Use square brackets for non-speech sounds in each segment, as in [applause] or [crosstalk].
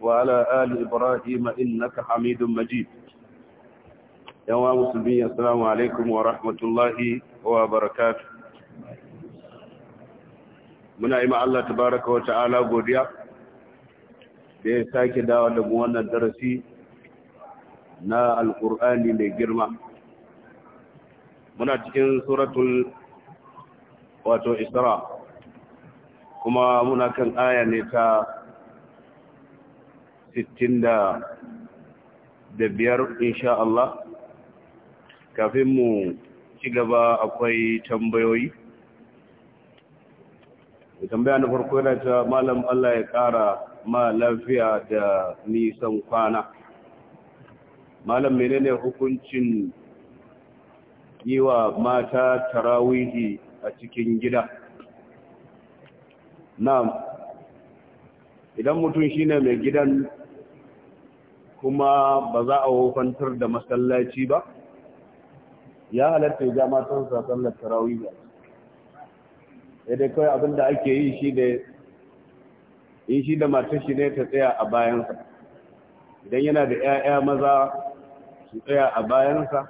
وعلى آل إبراهيم إنك حميد مجيد يا مسلمين السلام عليكم ورحمة الله وبركاته muna yi Allah tabaraka wa ta'ala godiya da ya sake dawa da wannan darasi na alkur'ani mai girma muna cikin suratul wato isra kuma muna kan aya ne ta sittin da biyar insha Allah kafin mu ci gaba akwai tambayoyi tambaya na farko da ta malam Allah ya ƙara ma lafiya da nisan kwana malam menene hukuncin yi wa mata tarawihi a cikin gida na idan mutum shine mai gidan kuma ba za a wofantar da masallaci ba ya halatta ya jama tun sa sallar tarawih ba dai kawai abin da ake yi shi da in shi da matar shi ne ta tsaya a bayansa idan yana da 'ya'ya maza su tsaya a bayansa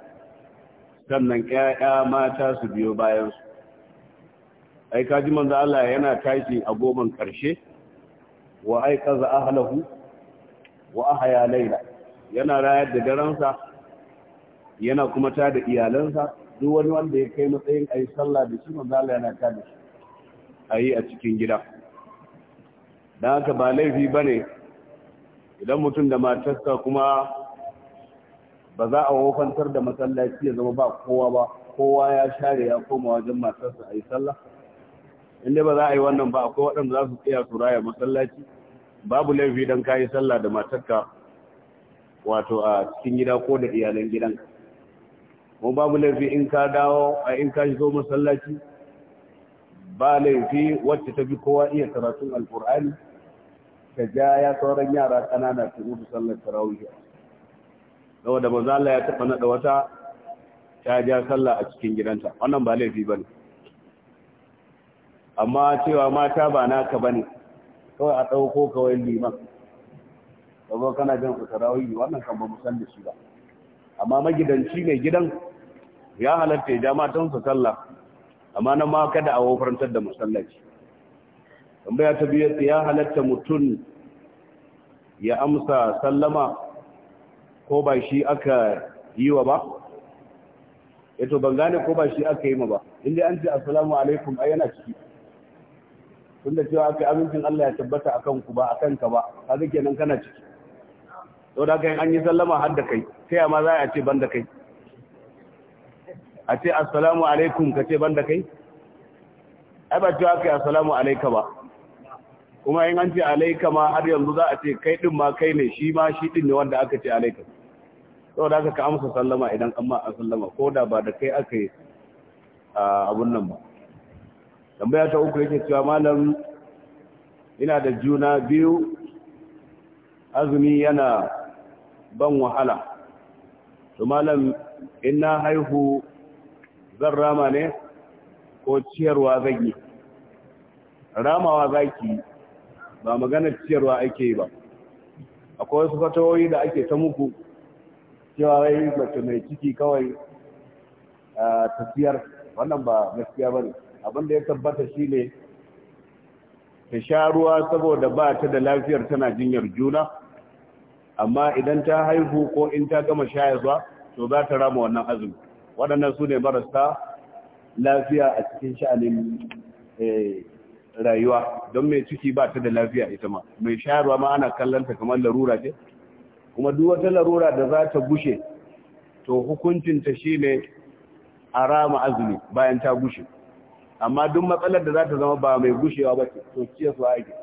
sannan 'ya'ya mata su biyo bayansu ai kaji manzo Allah yana tashi a goman karshe wa za ahlahu wa ahaya laila yana rayar da daransa yana kuma ta da iyalansa duk wani wanda ya kai matsayin ayi sallah da shi manzo Allah yana ta da shi ayi a cikin gida dan haka ba laifi bane idan mutum da matarsa kuma ba za a wofantar da masallaci ya zama ba kowa ba kowa ya share ya koma wajen matarsa ayi sallah inda ba za a yi wannan ba akwai waɗanda za su tsaya su raya masallaci babu laifi dan kayi sallah da matarka wato a cikin gida ko da iyalan gidanka kuma babu laifi in ka dawo a in ka shigo masallaci ba laifi wacce ta bi kowa iya karatun alkur'ani ta ja ya sauran yara ƙanana su mutu sallar tarawih saboda manzo Allah ya taɓa naɗa wata ta ja sallah a cikin gidanta wannan ba laifi bane amma cewa mata ba naka bane kawai a ɗauko kawai liman ka zo kana jan su wannan kan ba mu da shi ba amma magidanci mai gidan ya halatta ya tun su sallah amma nan ma kada a wofarantar da musallaci. tambaya ta biyar ya halatta mutum ya amsa sallama ko ba shi aka yi wa ba yato eh ban gane ko ba shi aka yi ma ba inda an ce assalamu alaikum ai yana ciki Tunda cewa aka amincin Allah ya tabbata akan ku ba akan ka ba kaga kenan kana ciki to da kai an yi sallama har da kai sai amma za a ce ban da kai a ce assalamu alaikum ka ce ban da kai ai ba cewa kai assalamu alaika ba kuma in an ce alaika ma har yanzu za a ce kai din ma kai ne shi ma shi din ne wanda aka ce alaika to haka ka amsa sallama idan amma an sallama ko da ba da kai aka yi abun nan ba tambaya ta uku yake cewa malam ina da juna biyu azumi yana ban wahala to malam ina haihu zan rama ne ko ciyarwa zagi ramawa zaki ba maganar ciyarwa ake yi ba akwai wasu fatawoyi da ake ta muku cewa wai mace mai ciki kawai a ah, tafiyar wannan ba gaskiya ba ne abin da ya tabbata shi ne ta sha ruwa saboda ba ta da lafiyar tana jinyar juna amma idan ta haihu ko in ta gama shayarwa to za ta rama wannan azumi waɗannan su ne marasa lafiya a cikin sha'anin eh, rayuwa don mai ciki ba ta da lafiya ita ma mai shayarwa ma ana kallanta kamar larura ce kuma duk wata larura da za ta gushe to hukuncinta shi ne a rama azumi bayan ta gushe amma duk matsalar da za ta zama ba mai gushewa ba ce to ciye su ake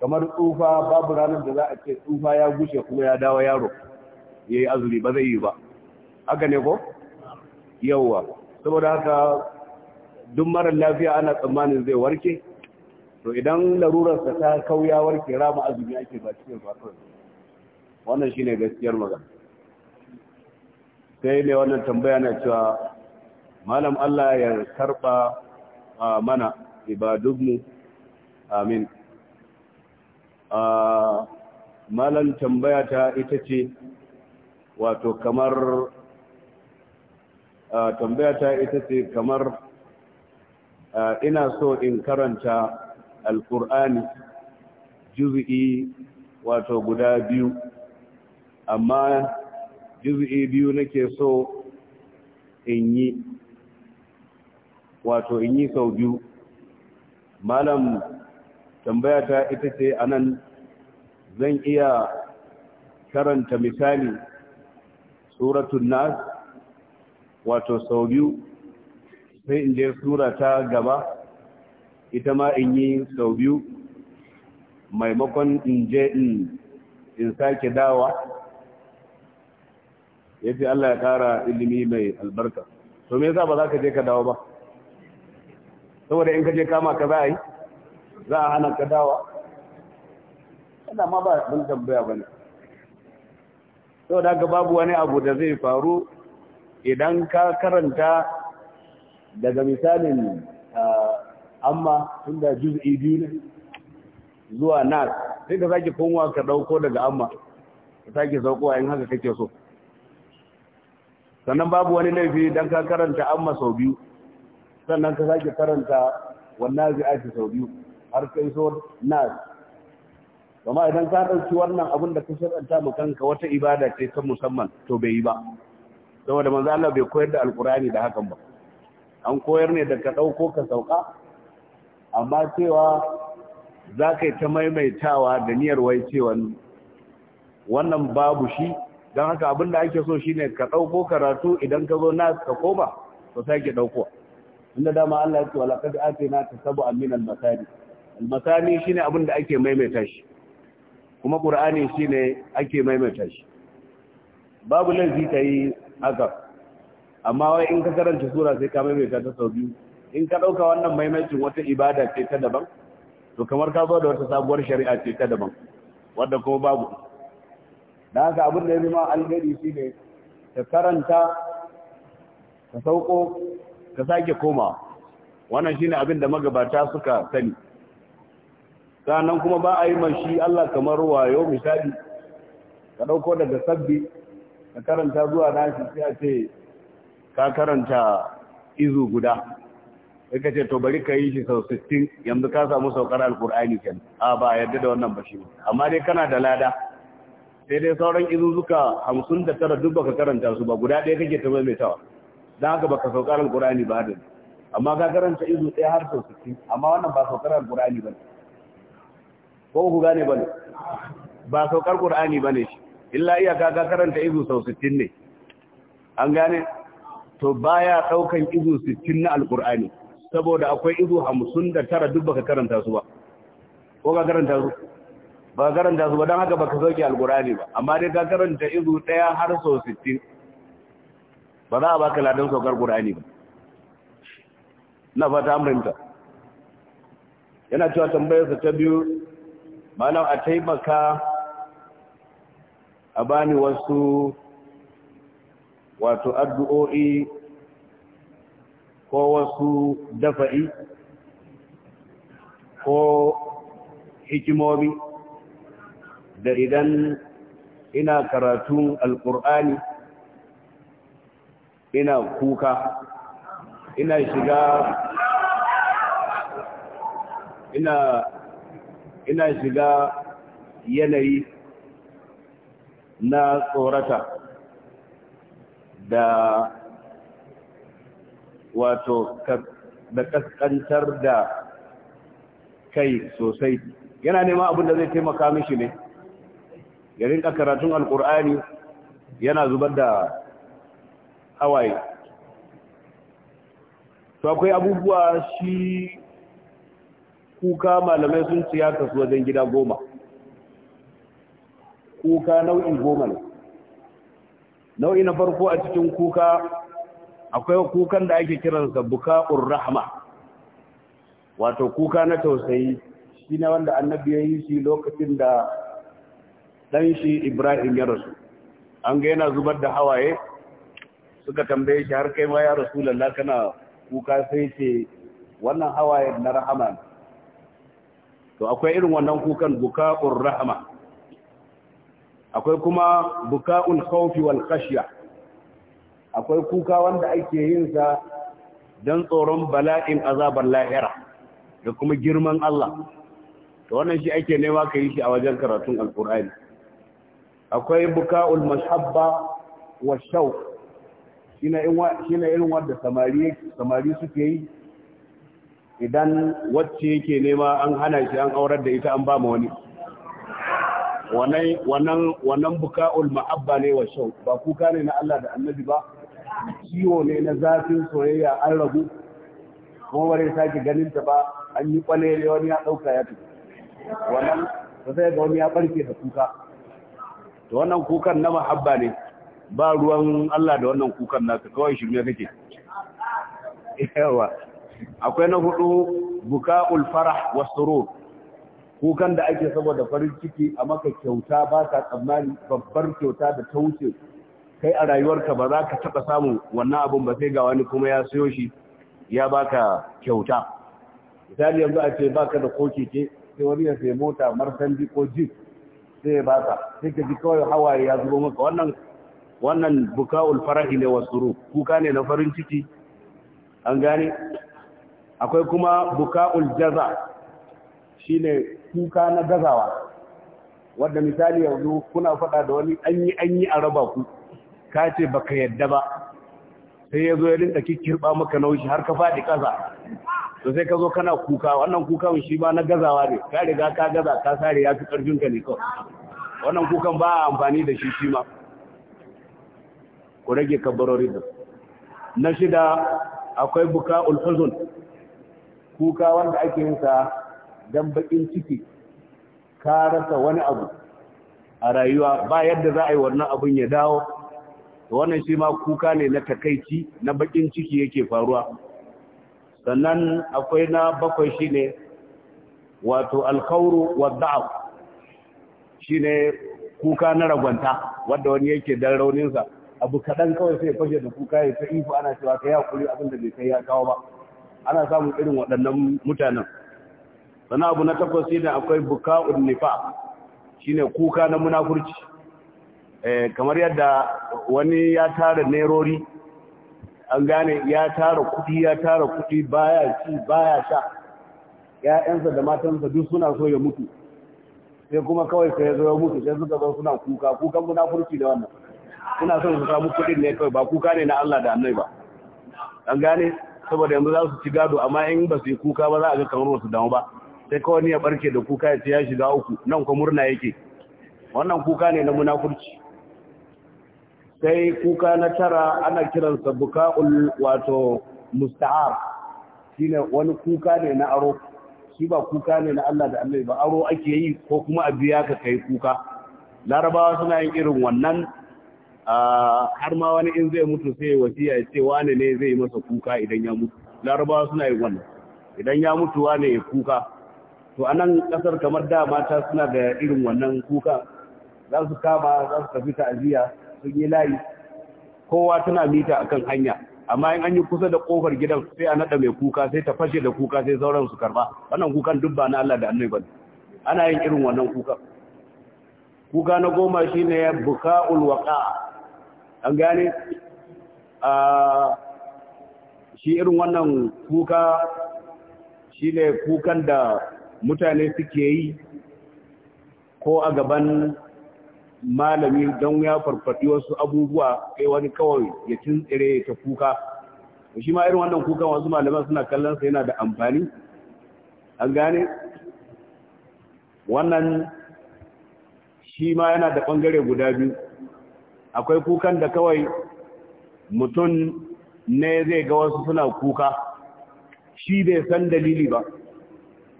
kamar tsufa babu ranar da za a ce tsufa ya gushe kuma ya dawo yaro ya yi azumi ba zai yi ba haka ne ko yauwa saboda haka duk marar lafiya ana tsammanin zai warke to idan larurarsa ta kauya warke rama azumi ake ba cikin fatar wannan shine gaskiyar magana sai ne wannan tambaya na cewa malam Allah ya karba amana ibadunmu amin malan tambaya ta ita ce wato kamar tambaya ta ita ce kamar ina so in karanta alkur'ani juz'i wato guda biyu amma juz'i biyu nake so in yi wato in yi sau biyu malam tambaya ta ita ce a nan zan iya karanta misali suratun nas wato sau biyu sai in je sura ta gaba ita ma in yi sau biyu maimakon in je in sake dawa ya ce Allah ya kara ilimi mai albarka to me za ba za ka je ka dawo ba saboda in kaje kama ka za a yi za a hana ka dawa yana ma ba abin tambaya ba ne saboda haka babu wani abu da zai faru idan ka karanta daga misalin amma inda juz'i biyu ne zuwa nas sai ka sake kunwa ka dauko daga amma ka sake saukowa in haka kake so sannan babu wani laifi dan ka karanta amma sau biyu sannan ka sake karanta wannan zai sau biyu har kai so nas amma idan ka ɗauki wannan abin da ka shirɗanta mu kanka wata ibada ce ta musamman to bai yi ba saboda manzo Allah bai koyar da alkurani da hakan ba an koyar ne da ka ɗauko ka sauka amma cewa za ka ta maimaitawa da niyyar wai cewa wannan babu shi don haka abin da ake so shine ka ɗauko karatu idan ka zo na ka koma to sai ke inda dama Allah ya ce wala kad atina ta sabu min al masani al masani shine abin da ake maimaita shi kuma qur'ani shine ake maimaita shi babu lazi kai haka amma wai in ka karanta sura sai ka maimaita ta sau biyu in ka dauka wannan maimaitin wata ibada ce ta daban to kamar ka zo da wata sabuwar shari'a ce ta daban wanda kuma babu da haka abin da ya zama alheri shine ka karanta ka sauko ka sake koma wannan shine abin da magabata suka sani sannan kuma ba a yi mashi Allah kamar wayo misali ka dauko daga sabbi ka karanta zuwa nashi sai a ce ka karanta izu guda sai ka ce to bari ka yi shi sau 16 yanzu ka samu saukar alkur'ani kenan a ba yadda da wannan bashi ba amma dai kana da lada sai dai sauran zuka 59 duk baka karanta su ba guda ɗaya kake ta maimaitawa don haka baka saukar alkur'ani ba da amma ka karanta izu ɗaya har sau sittin amma wannan ba saukar alkur'ani ba ne ko ku gane ba ne ba saukar qur'ani ba ne shi illa iyaka ka karanta izu sau 60 ne an gane to baya ɗaukan izu 60 na alkur'ani saboda akwai izu hamsin da tara duk baka karanta su ba ko ka karanta su ba karanta su ba don haka baka sauke alkur'ani ba amma dai ka karanta izu ɗaya har sau 60 ba za a baka ladan saukar qur'ani ba na fata amurinta. yana cewa tambayarsa ta biyu malam a taimaka a bani wasu wato addu'o'i ko wasu dafa'i ko hikimomi da idan ina karatun Alkur'ani. ina kuka ina shiga ina ina shiga yanayi na tsorata da wato da kaskantar da kai sosai yana neman abin da zai taimaka mishi ne ya karatun alkur'ani yana zubar da hawaye to akwai abubuwa shi kuka malamai sun ci ya kasu wajen gida goma kuka nau'i goma ne nau'i na farko a cikin kuka akwai kukan da ake kiransa buka'ur rahma wato kuka na tausayi shi ne wanda annabi ya yi shi lokacin da ɗan shi ibrahim ya rasu an ga yana zubar da hawaye suka tambaye shi har kai ma ya rasulullah kana kuka sai ce wannan hawaye na rahama to akwai irin wannan kukan buka'ur rahama akwai kuma buka'ul khawfi wal khashya akwai kuka wanda ake yin sa dan tsoron bala'in azabar lahira da kuma girman Allah to wannan shi ake nema ka yi shi a wajen karatun alkur'ani akwai buka'ul mashabba wa shauq shi na irin wadda samari suke yi idan wacce yake nema an hana shi an aurar da ita an ba ma wani wannan buka'ul ma'abba ne wa shau ba kuka ne na Allah da annabi ba ciwo ne na zafin soyayya an ragu kuma bare sake ganin ta ba an yi ne wani ya ɗauka ya tafi wannan sai ga wani ya barke da kuka to wannan kukan na mahabba ne ba ruwan Allah da wannan kukan naka kawai shirme kake yawa akwai na hudu buka'ul farah wasurur kukan da ake saboda farin ciki a maka kyauta ba ka tsammani babbar kyauta da ta wuce kai a rayuwarka ba za ka taɓa samu, wannan abun ba sai ga wani kuma ya siyo shi ya baka kyauta misali yanzu a ce baka da ko keke sai wani ya sai mota marsandi ko jeep sai ya baka sai ka ji kawai hawaye ya zubo maka wannan wannan buka'ul farahi ne wasu kuka ne na farin ciki an gane akwai kuma buka'ul jaza shine kuka na gazawa Wanda misali yanzu kuna faɗa da wani anyi-anyi a raba ku ka ce baka yadda ba sai ya zo ya dinka kirkirba maka naushi har ka faɗi ƙasa to sai ka zo kana kuka wannan kukan shi ba na gazawa ne ka riga ka gaza ka sare ya fi ka ne kawai wannan kukan ba a amfani da shi shi ma ku rage kabarorin da na shida akwai buka ulhuzun kuka wanda ake yin sa dan bakin ciki ka rasa wani abu a rayuwa ba yadda za a yi wannan abun ya dawo wannan shi ma kuka ne na takaici na bakin ciki yake faruwa sannan akwai na bakwai shine wato alkhawru shi shine kuka na ragwanta wanda wani yake dan rauninsa abu kaɗan kawai sai fashe da kuka ya ta ihu ana cewa ka yi hakuri abin da bai kai ya kawo ba ana samun irin waɗannan mutanen sana abu na takwas shi ne akwai buka'un nifa shi ne kuka na munafurci eh, kamar yadda wani ya tara nerori an gane ya tara kuɗi ya tara kuɗi baya ci baya sha ya'yansa da matansa duk suna so ya mutu sai kuma kawai sai ya zo ya mutu sai suka zo suna kuka kukan munafurci da wannan suna son su samu kuɗin ne kawai ba kuka ne na Allah da annai ba an gane saboda yanzu za su ci gado amma in ba su yi kuka ba za a ga kamar wasu damu ba sai kawai ya barke da kuka ya ce ya shiga uku nan kuma murna yake wannan kuka ne na munafurci sai kuka na tara ana kiransa buka'ul wato musta'ar shine wani kuka ne na aro shi ba kuka ne na Allah da Allah ba aro ake yi ko kuma a biya ka kai kuka larabawa suna yin irin wannan har ma wani in zai mutu sai wasiya ya ce wane ne zai yi masa kuka idan ya mutu larabawa suna yin wannan idan ya mutu wane ya kuka to a nan kasar kamar da mata suna da irin wannan kuka za su kama za su tafi ta'aziyya sun yi layi kowa tana mita akan hanya amma in an yi kusa da kofar gidan sai a nada mai kuka sai ta fashe da kuka sai sauran su karba wannan kukan duk ba na Allah da annabi bane ana yin irin wannan kuka kuka na goma shine buka'ul waqa' an gane a shi irin wannan kuka shi ne kukan da mutane suke yi ko a gaban malami don ya farfaɗi wasu abubuwa kai wani kawai ya tsire ta kuka shi ma irin wannan kukan wasu malaman suna kallon sa yana da amfani an gane wannan shi ma yana da ɓangare guda biyu akwai kukan da kawai mutum ne zai ga wasu suna kuka shi bai san dalili ba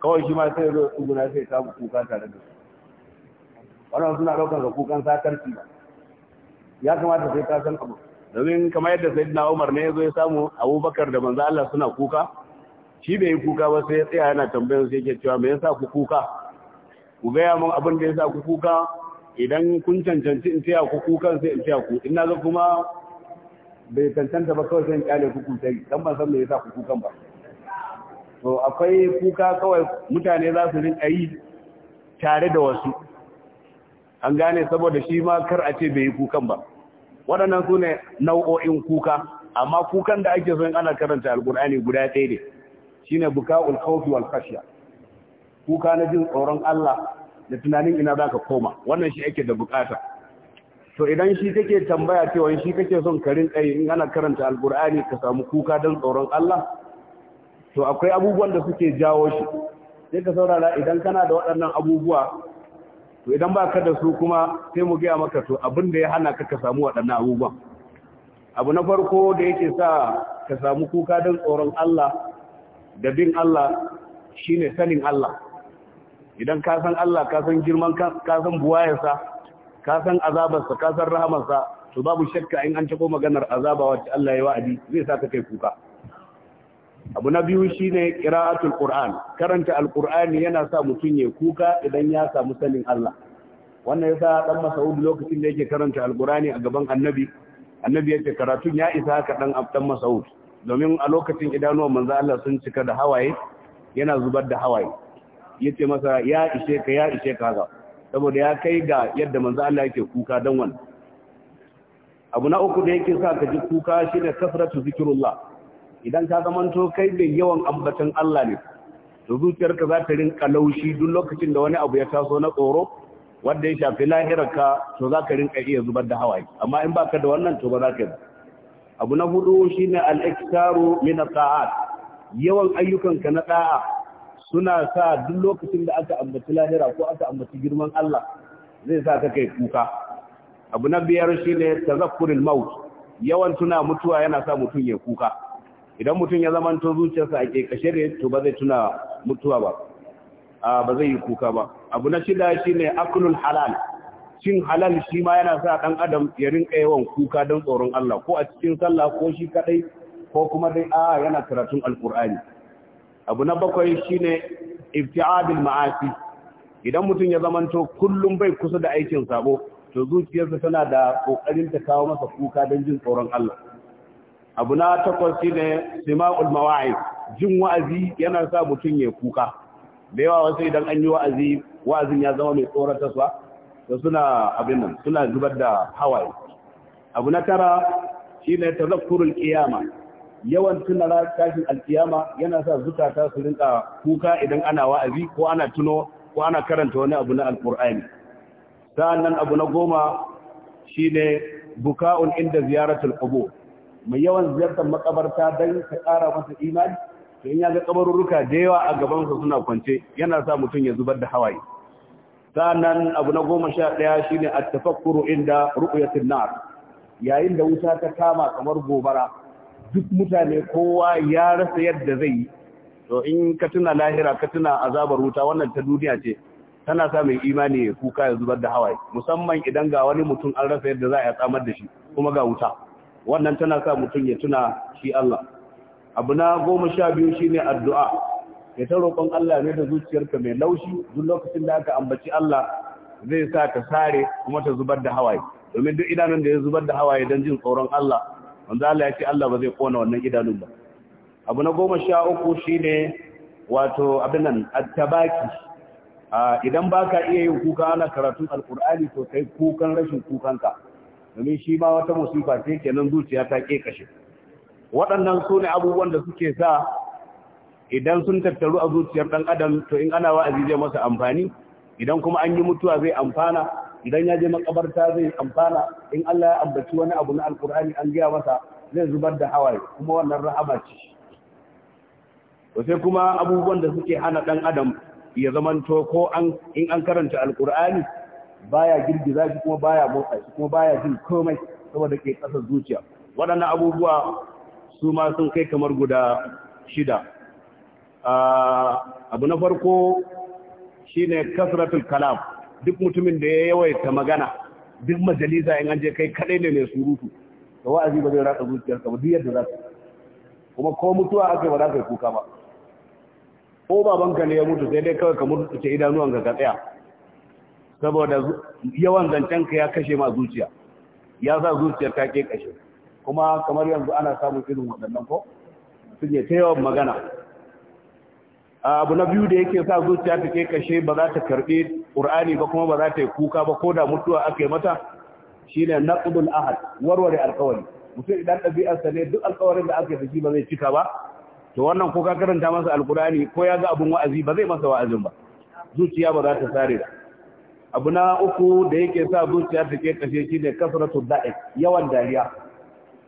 kawai shi ma sai zo tsuguna sai samu kuka tare da su wannan suna daukar da kukan sakarci ba ya kamata sai ta san abu domin kamar yadda sayyidina Umar ne zai samu Abubakar da manzo Allah suna kuka shi bai yi kuka ba sai ya tsaya yana tambayar sai yake cewa me yasa ku kuka ku ga mun abin da yasa ku kuka idan kun cancanci in taya ku kukan sai in taya ku in na kuma bai cancanta ba kawai sai in kyale ku kutai dan ban san me yasa ku kukan ba to akwai kuka kawai mutane za su rinka yi tare da wasu an gane saboda shi ma kar a ce bai yi kukan ba waɗannan su ne nau'o'in kuka amma kukan da ake son ana karanta Alƙur'ani guda ɗaya ne shine buka'ul khawfi wal khashya kuka na jin tsoron Allah da tunanin ina za ka koma wannan shi ake da bukata to idan shi kake tambaya cewa shi kake son karin tsaye in ana karanta alkur'ani ka samu kuka don tsoron Allah to akwai abubuwan da suke jawo shi sai ka saurara idan kana da waɗannan abubuwa to idan ba ka da su kuma sai mu gaya maka to abin da ya hana ka ka samu waɗannan abubuwan abu na farko da yake sa ka samu kuka don tsoron Allah da bin Allah shine sanin Allah idan ka san Allah ka san girman ka san buwayarsa ka san azabarsa ka san rahamarsa to babu shakka in an tako maganar azaba wacce Allah ya wa'adi zai sa ka kai kuka abu na biyu shine qira'atul qur'an karanta alqur'ani yana sa mutun ya kuka idan ya samu sanin Allah wannan yasa dan Mas'ud lokacin da yake karanta alqur'ani a gaban annabi annabi yake karatun ya isa haka dan abdan masa'ud domin a lokacin idanuwan manzo Allah sun cika da hawaye yana zubar da hawaye ya ce masa ya ishe ka ya ishe ka haka saboda ya kai ga yadda manzo Allah yake kuka dan wannan abu na uku da yake sa ka ji kuka shine kasratu zikrullah idan ka zamanto kai bin yawan ambatan Allah ne to zuciyarka za ta rinka laushi duk lokacin da wani abu ya taso na tsoro wanda ya shafi lahirarka to za ka rinka iya zubar da hawaye amma in baka da wannan to ba za ka yi abu na hudu shine al-iktaru min taat yawan ayyukanka na da'a suna sa duk lokacin da aka ambaci lahira ko aka ambaci girman Allah zai sa ka kai kuka abu na biyar shine tazakkurul maut yawan tuna mutuwa yana sa mutum ya kuka idan mutum ya zama to zuciyarsa a kekashe ne to ba zai tuna mutuwa ba ba zai yi kuka ba abu na shida shine aklul halal cin halal shi ma yana sa ɗan adam ya rinka yawan kuka don tsoron Allah ko a cikin sallah ko shi kadai ko kuma dai a yana karatun alkur'ani abu na bakwai shine ibti'adul ma'asi idan mutum ya zamanto kullum bai kusa da aikin sabo to zuciyarsa tana da kokarin ta kawo masa kuka don jin tsoron Allah abu na takwas shine sima'ul mawa'iz jin wa'azi yana sa mutum ya kuka da yawa wasu idan an yi wa'azi wa'azin ya zama mai tsoratarwa to suna abin nan suna zubar da hawaye abu na tara shine tazakkurul qiyamah yawan tuna tashin alkiyama yana sa zukata su rinka kuka idan ana wa'azi ko ana tuno ko ana karanta wani abu na alkur'ani sa'annan abu na goma shine buka'un inda ziyaratul qubur mai yawan ziyartar makabarta dan ka ƙara masa imani to in ya ga kabarurruka da yawa a gaban sa suna kwance yana sa mutum ya zubar da hawaye sa'annan abu na goma sha ɗaya shine at-tafakkuru inda ru'yatun nar yayin da wuta ta kama kamar gobara duk mutane kowa ya rasa yadda zai yi to in ka tuna lahira ka tuna azabar wuta wannan ta duniya ce tana sa mai imani ya kuka ya zubar da hawaye musamman idan ga wani mutum an rasa yadda za a tsamar da shi kuma ga wuta wannan tana sa mutum ya tuna shi Allah abu na goma sha biyu shine addu'a ya ta roƙon Allah ne da zuciyarka mai laushi duk lokacin da aka ambaci Allah zai sa ta sare kuma ta zubar da hawaye domin duk idanun da ya zubar da hawaye don jin tsoron Allah wanda Allah ya ce Allah ba zai kona wannan idanun ba abu na goma sha uku shine wato abin nan attabaki idan baka iya yin kuka ana karatun alkur'ani to kai kukan rashin kukanka domin shi ma wata musifa ce kenan zuciya ta ke kashe waɗannan su ne abubuwan da suke sa idan sun tattaru a zuciyar ɗan adam to in ana wa'azi zai masa amfani idan kuma an yi mutuwa zai amfana idan ya je makabarta zai amfana in Allah ya ambaci wani abu na alkur'ani an gaya masa zai zubar da hawaye kuma wannan rahama ce to sai kuma abubuwan da suke hana dan adam ya zamanto ko an in an karanta alkur'ani baya girgiza shi kuma baya motsa shi kuma baya jin komai saboda ke kasa zuciya waɗannan abubuwa su ma sun kai kamar guda shida ah, abu na farko shine kasratul kalam duk mutumin da ya yawaita magana duk majalisa in an je kai kadai ne mai surutu To wa'azi ba zai rasa ka ba duk yadda za ka kuma ko mutuwa aka ba za ka yi kuka ba ko babanka ne ya mutu sai dai kawai ka mutu ce idanuwan ka tsaya saboda yawan ka ya kashe ma zuciya ya sa zuciyar ta ke kashe kuma kamar yanzu ana samun irin waɗannan ko sun yi ta yawan magana abu na biyu da yake sa zuciya ta ke kashe ba za ta karɓi Al-Qur'ani ba kuma ba za ta yi kuka ba ko da mutuwa aka yi mata shine naqdul ahad warware alƙawari mutum idan ɗabi'arsa ne duk alƙawarin da aka yi ba zai cika ba to wannan ko ka karanta masa alƙur'ani ko ya ga abun wa'azi ba zai masa wa'azin ba zuciya ba za ta sare ba abu na uku da yake sa zuciya ta ke kashe shine kasratu da'ik yawan dariya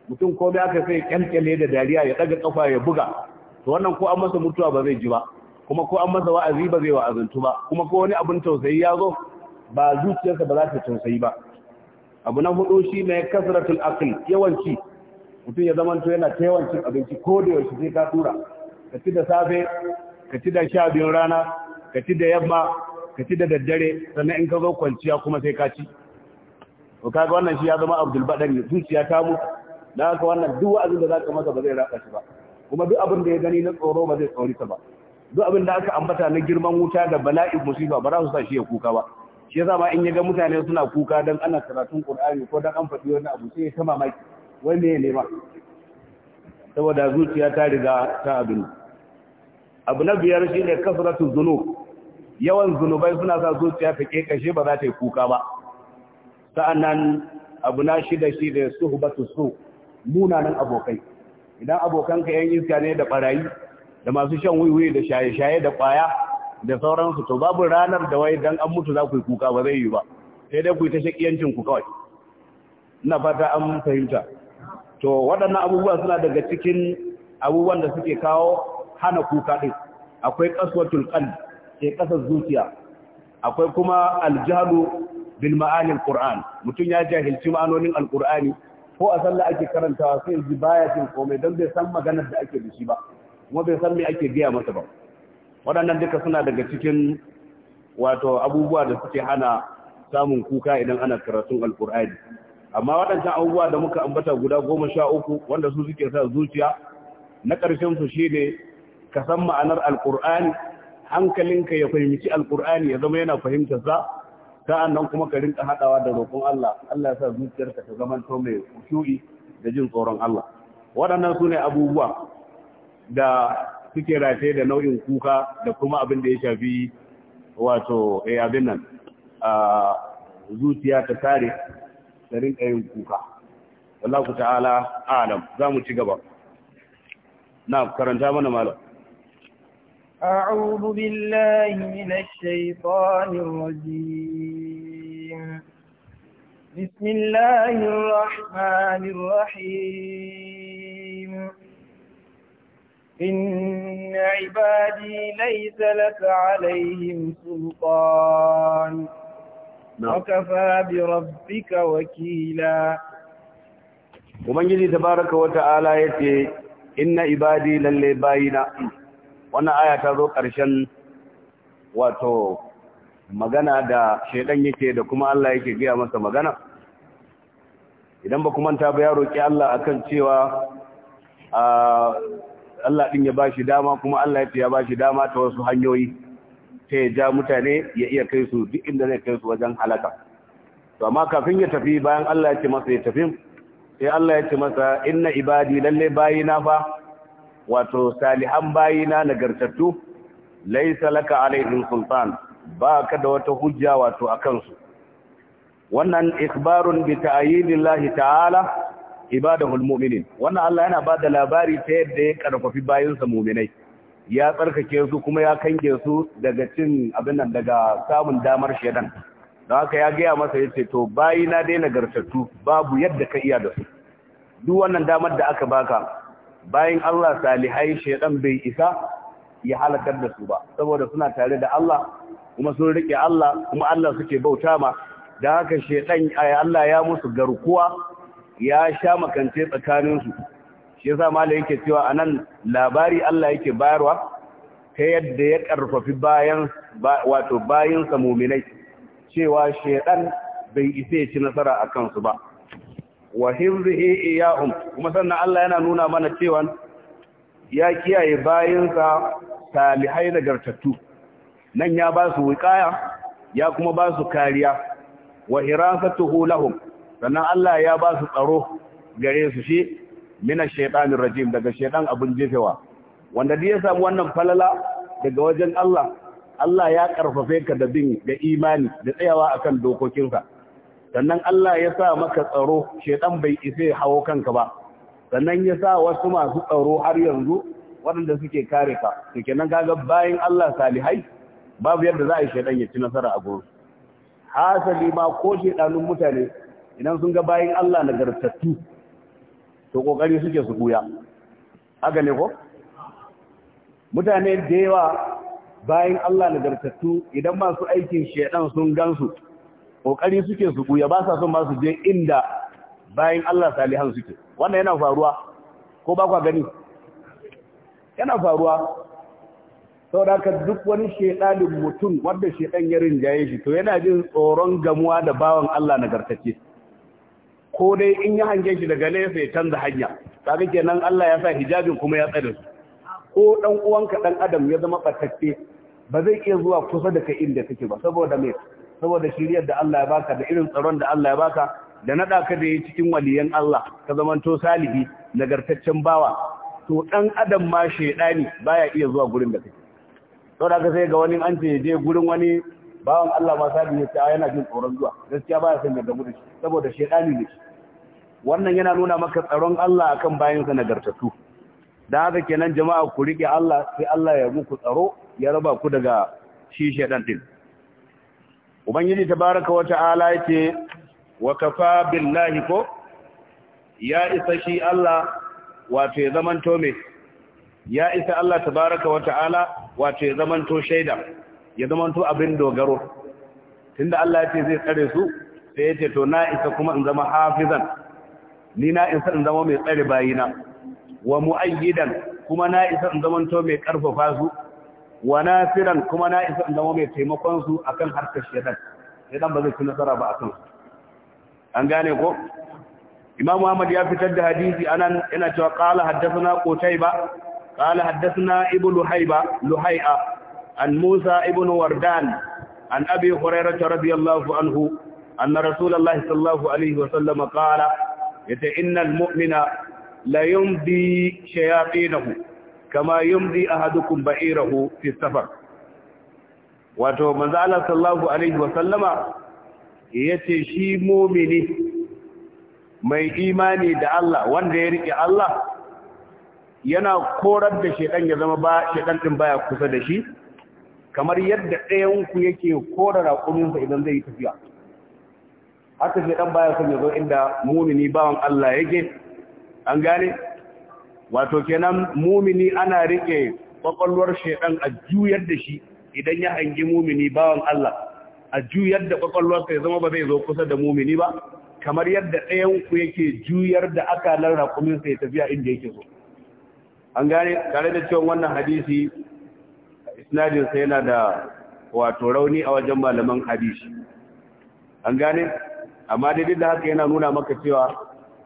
mutum ko da aka sai kyankyale da dariya ya daga kafa ya buga to wannan ko an masa mutuwa ba zai ji ba kuma ko an masa wa'azi ba zai wa'azantu ba kuma ko wani abin tausayi ya zo ba zuciyarsa ba za ta tausayi ba abu na hudu shi ne kasratul akli yawanci mutum ya zama to yana ta abinci ko da yaushe sai ka tura ka ci da safe ka ci da sha biyun rana ka ci da yamma ka ci da daddare sannan in ka zo kwanciya kuma sai ka ci to kaga wannan shi ya zama abdul ne zuciya ta mu da haka wannan duk wa'azin da zaka masa ba zai raka shi ba kuma duk abin da ya gani na tsoro ba zai tsorita ba duk abin da aka ambata na girman wuta da bala'in musifa ba za su sa shi ya kuka ba shi yasa ma in ya ga mutane suna kuka dan ana karatun Qur'ani ko dan an faɗi wani abu sai ya ta mamaki wai me ne ma saboda zuciya ta riga ta abin abu na biyar shine kasratu zunub yawan zunubai suna sa zuciya ta kekashe ba za ta yi kuka ba sa'annan abu na shida da suhbatu su munanan abokai idan abokanka yan iska ne da barayi da masu shan wiwi da shaye-shaye da kwaya da sauransu to babu ranar da wai dan an mutu za ku yi kuka ba zai yi ba sai dai ku yi ta shakiyancin ku kawai ina fata an fahimta to waɗannan abubuwa suna daga cikin abubuwan da suke kawo hana kuka din akwai qaswatul qalb sai kasar zuciya akwai kuma aljahalu bil ma'ani alquran mutun ya jahilci ma'anonin alqur'ani ko a sallah ake karantawa sai ji baya jin komai dan bai san maganar da ake da shi ba kuma bai san me ake gaya masa ba waɗannan duka suna daga cikin wato abubuwa da suke hana samun kuka idan ana karatun alkur'ani amma waɗancan abubuwa da muka ambata guda goma sha uku wanda su suke sa zuciya na ƙarshen su shi ne ka san ma'anar alkur'ani hankalinka ya fahimci alkur'ani ya zama yana fahimtar sa sa'an nan kuma ka rinka haɗawa da roƙon Allah Allah ya sa zuciyarka ta zama to mai kushu'i da jin tsoron Allah waɗannan su ne abubuwa da suke rataye da nau'in kuka da kuma abin da ya shafi wato eh, abin nan a zuciya ta tare da rinka yin kuka ku ta'ala alam za mu ci gaba na karanta mana malam أعوذ بالله من الشيطان الرجيم بسم الله الرحمن الرحيم إن عبادي ليس لك عليهم سلطان وكفى بربك وكيلا Ubangiji tabaraka wa ta'ala yace inna ibadi lalle bayina wannan aya ta zo ƙarshen wato magana da shedan yake da kuma Allah yake gaya masa magana idan baku manta ba ya roki Allah akan cewa a. Allah din ya bashi dama kuma Allah ya ce ya bashi dama ta wasu hanyoyi sai ya ja mutane ya iya kai su duk inda zai kai su wajen halaka to amma kafin ya tafi bayan Allah ya ce masa ya tafi sai Allah ya ce masa inna ibadi lalle bayina fa wato salihan bayina nagartattu laysa laka alaihim sultan ba ka da wata hujja wato akan su wannan ikhbarun bi ta'yinillahi ta'ala ibadahul mu'minin wannan Allah yana ba da labari ta yadda ya karfafi bayansa mu'minai ya tsarkake su kuma ya kange su daga cin abin nan daga samun damar shedan don haka ya gaya masa ya ce to bayi na dai nagartattu babu yadda ka iya da su duk wannan damar da aka baka bayin Allah salihai shedan bai isa ya halakar da su ba saboda suna tare da Allah kuma sun rike Allah kuma Allah suke bauta ma da haka shedan Allah ya musu garkuwa ya sha makance tsakaninsu shi yasa mala yake cewa anan labari Allah yake bayarwa ta yadda ya karfafi bayan wato bayan muminai cewa shaidan bai isa ya ci nasara a kansu ba wa hirzihi iyahum kuma sannan Allah yana nuna mana cewa ya kiyaye bayansa salihai gartattu nan ya ba su wuƙaya ya kuma ba su kariya wa hirasatuhu lahum sannan Allah ya ba su tsaro gare su shi mina shaitanin rajim daga shaitan abin jefewa wanda da ya samu wannan falala daga wajen Allah Allah ya karfafe ka da bin da imani da tsayawa akan dokokinsa sannan Allah ya sa maka tsaro shaitan bai isa hawo kanka ba sannan ya sa wasu masu tsaro har yanzu waɗanda suke kare ka to kenan kaga bayan Allah salihai babu yadda za a yi shaitan ya ci nasara a gurin hasali ma ko shaitanun mutane idan sun ga bayin Allah na gartattu, to kokari suke su buya haka ne ko mutane da yawa bayin Allah na gartattu idan masu aikin shedan sun gansu kokari suke su buya ba sa son ba su je inda bayin Allah salihan suke wannan yana faruwa ko ba kwa gani yana faruwa sau da ka duk wani shedanin mutum wadda shaidan ya jaye shi to yana jin tsoron gamuwa da bawan Allah na nagartacce ko dai in ya hanke shi daga nesa ya canza hanya kaga kenan Allah ya sa hijabin kuma ya tsare su ko dan uwanka dan adam ya zama batacce ba zai iya zuwa kusa da kai inda kake ba saboda me saboda shiriyar da Allah ya baka da irin tsaron da Allah ya baka da nada ka da yi cikin waliyan Allah ka zamanto salihi nagartaccen bawa to dan adam ma shedani baya iya zuwa gurin da kake saboda ka sai ga wani an ce je gurin wani bawan Allah ma sabi ya ce yana jin tsoron zuwa gaskiya baya son ya da shi saboda shedani ne shi wannan yana nuna maka tsaron Allah akan bayansa nagartattu da haka kenan jama'a ku rike Allah sai Allah ya muku tsaro ya raba ku daga shi shedan din ubangiji tabaraka wa ta'ala yace wa kafa billahi ko ya isa shi Allah wato ya zamanto me ya isa Allah tabaraka wa ta'ala wato ya to shaida ya to abin dogaro tunda Allah ya ce zai tsare su sai ya ce to na isa kuma in zama hafizan ni na isa in zama mai tsare bayina wa mu'ayyidan kuma na isa in zama to mai karfafa su wa nasiran kuma na isa in zama mai taimakon su akan harkar shedan shedan ba zai ci nasara ba akan su an gane ko Imam Muhammad ya fitar da hadisi anan yana cewa qala haddathana Qutayba qala haddathana Ibnu Luhayba Luhay'a an Musa ibn Wardan an Abi Hurairah radiyallahu anhu anna Rasulullahi sallallahu alaihi wasallam qala yace innal mu'mina la yumdi shayatinahu kama yumdi ahadukum ba'irahu fi safar wato manzo Allah sallallahu alaihi wa sallama yace shi mu'mini mai imani da Allah wanda ya rike Allah yana korar da shedan ya zama ba shedan din baya kusa da shi kamar yadda ɗayan ku yake korar raƙuminsa idan zai yi tafiya haka shi dan baya son yazo zo inda mumini bawan Allah yake an gane wato kenan mumini ana rike kwakwalwar shedan a juyar da shi idan ya hangi mumini bawan Allah a juyar da kwakwalwarsa ya zama ba zai zo kusa da mumini ba kamar yadda ɗayan ku yake juyar da akalar raƙuminsa ya tafiya inda yake so an gane tare da cewa wannan hadisi isnadinsa yana da wato rauni a wajen malaman hadisi an gane amma dai da haka yana nuna maka cewa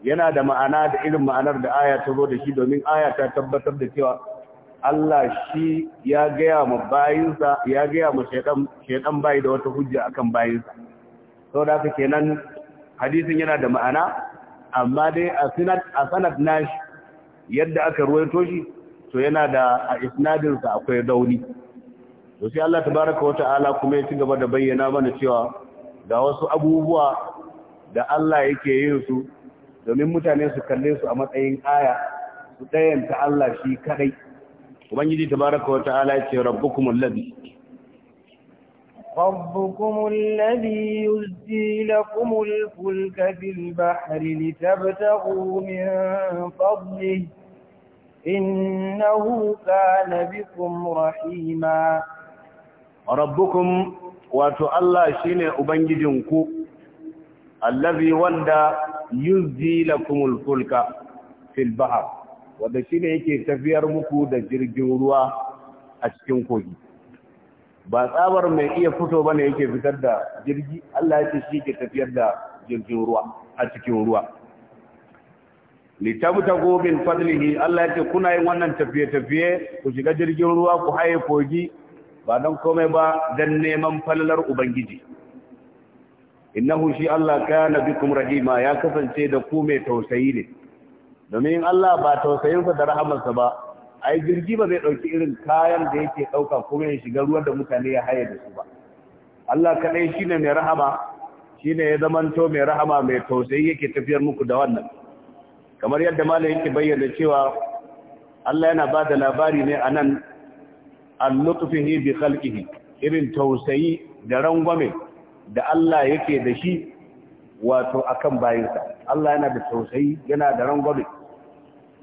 yana da ma'ana da irin ma'anar da aya ta zo da shi domin aya ta tabbatar da cewa Allah shi ya gaya ma bayinsa ya gaya ma shaidan bayi da wata hujja akan bayinsa sau da haka kenan hadisin yana da ma'ana amma dai a sanad nashi yadda aka ruwaito shi to yana da a isnadinsa akwai rauni to sai Allah tabaraka wa ta'ala kuma ya ci gaba da bayyana mana cewa ga wasu abubuwa da Allah yake yin su domin mutane su kalle su a matsayin aya su ɗayanta Allah shi kadai ubangiji tabaraka wata'ala ya ce rabbukumul ladhi ربكم الذي يزدي لكم الفلك في البحر لتبتغوا من فضله إنه كان بكم رحيما ربكم واتو الله شيني أبنجدنكو allazi wanda yuzzi lakumul fulka fil bahr wanda shine yake tafiyar muku da jirgin ruwa a cikin kogi ba tsabar mai iya fito bane yake fitar da jirgi Allah ya ce shi ke tafiyar da jirgin ruwa a cikin ruwa litabtagu min fadlihi Allah ya ce kuna yin wannan tafiye tafiye ku shiga jirgin ruwa ku haye kogi ba don komai ba dan neman falalar ubangiji innahu shi Allah kana bikum rahima ya kasance da ku mai tausayi ne domin Allah ba tausayinsa da rahamarsa ba ai jirgi ba zai dauki irin kayan da yake dauka kuma ya shiga ruwan da mutane ya haye da su ba Allah kadai shine mai rahama shine ya zamanto mai rahama mai tausayi yake tafiyar muku da wannan kamar yadda malam yake bayyana cewa Allah yana ba da labari ne anan an lutfihi bi khalqihi irin tausayi da rangwame da Allah yake da shi wato akan bayinsa Allah yana da tausayi yana da rangwame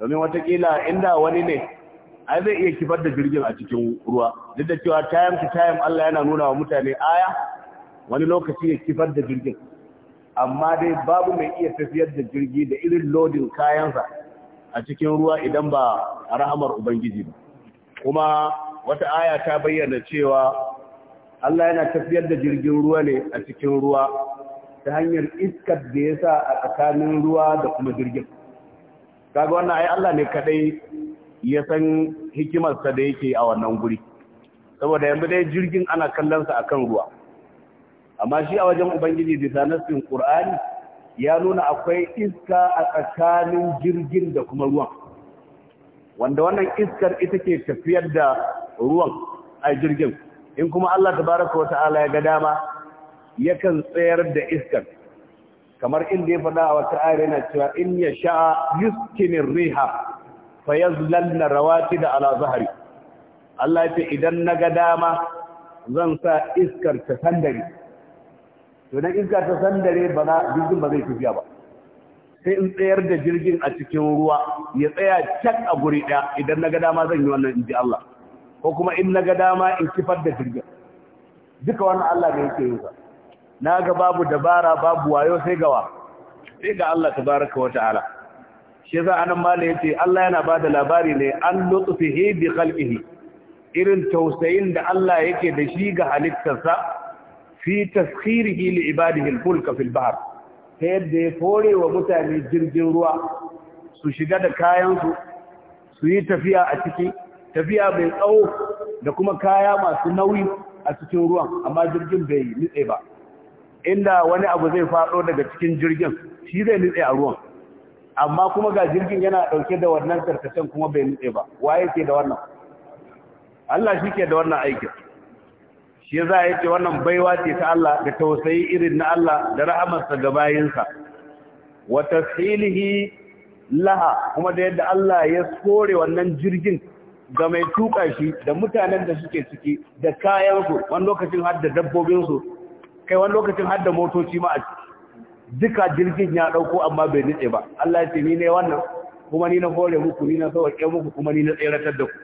domin watakila inda wani ne ai zai iya kifar da jirgin a cikin ruwa duk da cewa tayam ki tayam Allah yana nuna wa mutane aya wani lokaci ya kifar da jirgin amma dai babu mai iya tafiyar da jirgi da irin lodin kayansa a cikin ruwa idan ba a rahamar ubangiji ba kuma wata aya ta bayyana cewa Allah yana tafiyar da jirgin ruwa ne a cikin ruwa ta hanyar iskar da ya sa a tsakanin ruwa da kuma jirgin kaga wannan ai Allah ne kadai ya san hikimarsa da yake a wannan guri saboda yanzu dai jirgin ana kallon sa akan ruwa amma shi a wajen ubangiji da nassin Kur'ani ya nuna akwai iska a tsakanin jirgin da kuma ruwan wanda wannan iskar ita ke tafiyar da ruwan a jirgin in kuma Allah tabaraka wata'ala ya ga dama yakan tsayar da iskar kamar inda ya faɗa a wata ayar yana cewa in ya sha'a yuskinir riha fa yazlalna da ala zahri Allah ya ce idan na ga dama zan sa iskar ta sandare to na iskar ta sandare ba na jirgin ba zai tafiya ba sai in tsayar da jirgin a cikin ruwa ya tsaya cak a guri ɗaya idan na ga dama zan yi wannan inji Allah ko kuma in na ga dama in kifar da jirgin duka wannan Allah ne yake yi ba. na ga babu dabara babu wayo sai gawa sai ga Allah tabaraka wa ta'ala shi yasa anan mala yace Allah yana bada labari ne an lutfihi bi khalqihi irin tausayin da Allah yake da shi ga halittarsa fi taskhirihi li ibadihi al fi al bahr ta yadda ya fore wa mutane jirgin ruwa su shiga da kayansu su yi tafiya a ciki tafiya mai tsawo da kuma kaya masu nauyi a cikin ruwan amma jirgin bai nitse ba inda wani abu zai faɗo daga cikin jirgin shi zai nitse a ruwan amma kuma ga jirgin yana ɗauke da wannan karkashin kuma bai nitse ba waye ke da wannan Allah shi ke da wannan aikin shi za a ce wannan baiwa ce ta Allah da tausayi irin na Allah da rahamarsa ga bayinsa wa filihi laha kuma da yadda Allah ya kore wannan jirgin ga mai tuka shi da mutanen da suke ciki da kayansu wani lokacin har da dabbobinsu kai wani lokacin har da motoci ma a duka jirgin ya dauko amma bai nitse ba Allah ya ce ni ne wannan kuma ni na hore muku ni na sauke muku kuma ni na tseratar da ku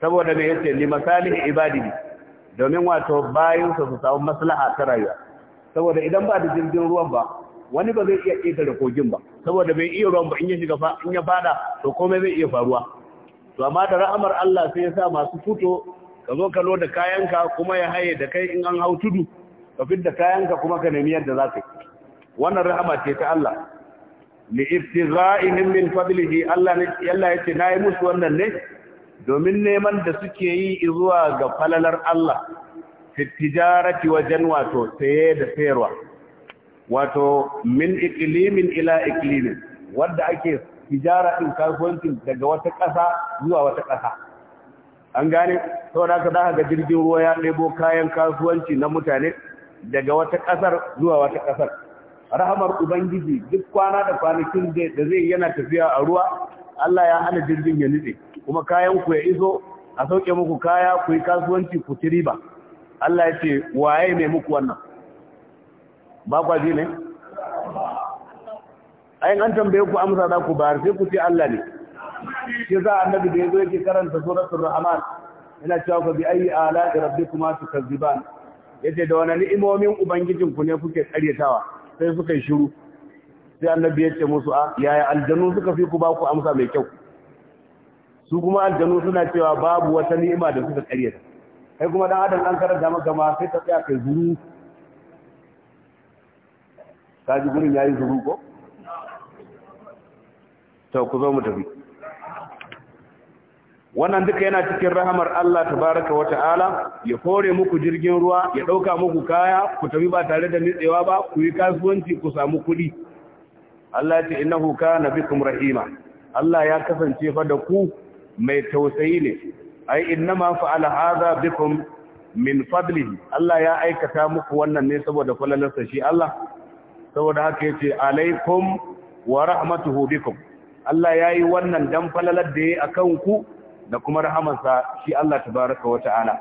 saboda me yace ni masalihi ibadi domin wato bayin su su samu maslaha ta rayuwa saboda idan ba da jirgin ruwan ba wani ba zai iya ƙetare kogin ba saboda bai iya ruwan ba in ya shiga fa in ya fada to komai zai iya faruwa to amma da ra'amar Allah sai ya sa masu fito ka zo ka lo da kayanka kuma ya haye da kai in an hau tudu ka fit da kayanka kuma ka nemi yadda za ka yi wannan rahama ce ta Allah li iftighaihim min fadlihi Allah ne Allah yace nayi musu wannan ne domin neman da suke yi zuwa ga falalar Allah fi tijarati wajen wato saye da sayarwa wato min iqlimin ila iqlimin wanda ake tijara ɗin kasuwancin daga wata ƙasa zuwa wata ƙasa an gane saboda ka za ga jirgin ruwa ya ɗebo kayan kasuwanci na mutane daga wata ƙasar zuwa wata ƙasar rahamar ubangiji duk kwana da kwanakin da zai yana tafiya a ruwa Allah ya hana jirgin ya nitse kuma kayan ku ya iso a sauke muku kaya ku yi kasuwanci ku ci riba Allah ya ce waye mai muku wannan ba kwaji ne ayin an tambaye ku amsa za ku bayar sai ku ce Allah ne shi za annabi da yazo yake karanta suratul rahman yana cewa ku bi ayi ala rabbikuma tukazziban yace da wani ni'imomin ubangijin ku ne kuke karyatawa sai suka yi shiru sai annabi ya ce musu a yaya aljannu suka fi ku ba ku amsa mai kyau su kuma aljannu suna cewa babu wata ni'ima da suka karyata kai kuma dan adam an karanta maka ma sai ta tsaya kai zuru kaji gurin yayi zuru ko to ku zo mu tafi wannan duka yana cikin rahamar Allah tabaraka wa ta'ala ya hore muku jirgin ruwa ya dauka muku kaya ku tafi ba tare da nitsewa ba ku yi kasuwanci ku samu kuɗi Allah ya ce innahu kana bikum rahima Allah ya kasance fa da ku mai tausayi ne ai innama fa'ala hadha bikum min fadlihi Allah ya aikata muku wannan ne saboda kullalarsa shi Allah saboda haka yace alaikum wa rahmatuhu bikum Allah ya yi wannan dan falalar da ya akan ku da kuma rahamansa shi Allah tabaraka wa ta'ala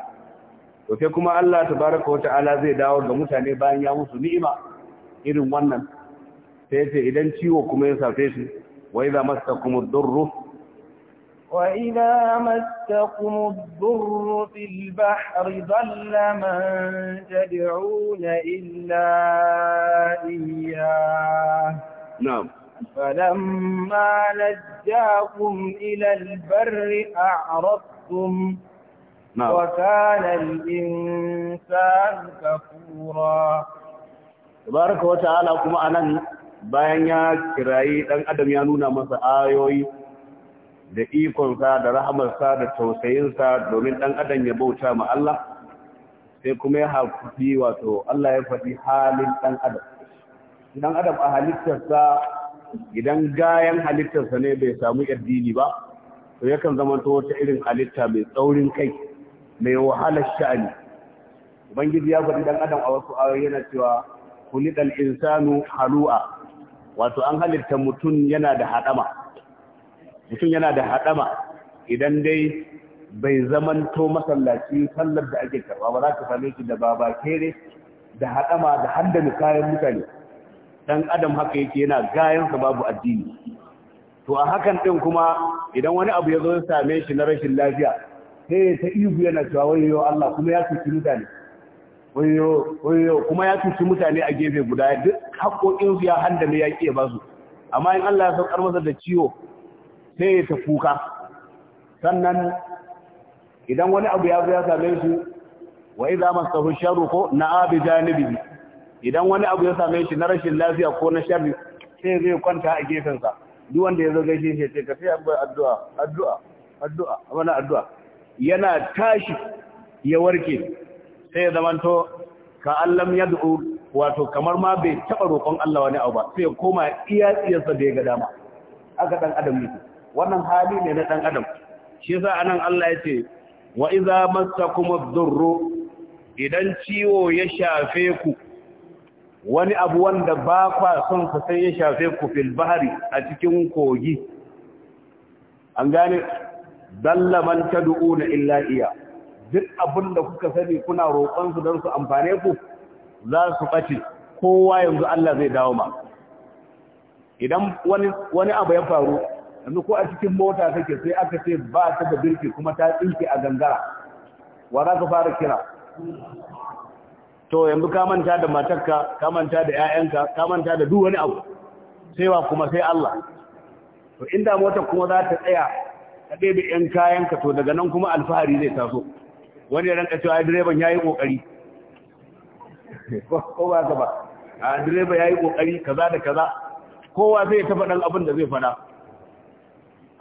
to sai kuma Allah tabaraka wa ta'ala zai dawo ga mutane bayan ya musu ni'ima irin wannan sai ce idan ciwo kuma ya safe shi wa idza masakumud durru وإذا مسكم الضر في البحر ضل فلما نجاكم إلى البر أعرضتم نعم. وكان الإنسان كفورا تبارك وتعالى كما أنا bayan ya kirayi ɗan adam ya nuna masa ayoyi da ikonsa da rahamarsa da tausayinsa domin ɗan adam ya bauta ma Allah sai kuma ya haƙufi wato Allah ya faɗi halin ɗan adam ɗan adam a halittarsa idan gayan halittarsa ne bai samu yaddini ba to yakan zamanto wata irin halitta mai tsaurin kai mai wahalar sha'ani ubangiji ya faɗi dan adam a wasu ayoyi yana cewa kulidal insanu halu'a wato an halitta mutum yana da haɗama mutum yana da haɗama idan dai bai zamanto masallaci sallar da ake karba ba za ka same shi da baba kere da haɗama da haddana kayan mutane dan adam haka yake yana gayansa babu addini to a hakan din kuma idan wani abu yazo ya same shi na rashin lafiya sai ta ihu yana cewa wayo Allah kuma ya cuci mutane wayo wayo kuma ya cuci mutane a gefe guda duk su ya handale ya ƙi ba su amma in Allah ya saukar masa da ciwo sai ya ta kuka sannan idan wani abu ya zo ya same shi wa idza masahu sharru ko na'a bi janibihi idan wani abu ya same shi na rashin lafiya ko na sharri sai zai kwanta a gefensa duk wanda ya zo gaishe shi ce ka sai abu addu'a addu'a addu'a abana addu'a yana tashi ya warke sai ya zamanto ka allam yad'u wato kamar ma bai taba roƙon Allah wani abu ba sai ya koma iya tsiyarsa da ya ga dama aka dan adam ne wannan hali ne na dan adam shi yasa anan Allah ya ce wa iza massakum ad idan ciwo ya shafe ku wani abu wanda ba kwa son ka sai ya shafe ku fil bahari a cikin kogi an gane dalla man tad'una illa iya duk abin da kuka sani kuna roƙon su don su amfane ku za su bace kowa yanzu Allah zai dawo ma idan wani wani abu ya faru yanzu ko a cikin mota kake sai aka ce ba ta da birki kuma ta tsinke a gangara wa za ka fara kira to yanzu ka manta da matarka ka manta da ƴaƴanka ka manta da duk wani abu sai wa kuma sai Allah to inda motar kuma za ta tsaya ka ɗebe ƴan kayanka to daga nan kuma alfahari zai taso wani ya ka cewa direban yayi kokari [laughs] ko ba ka ba a direba yayi kokari kaza da kaza kowa zai tafa dan abin da zai fada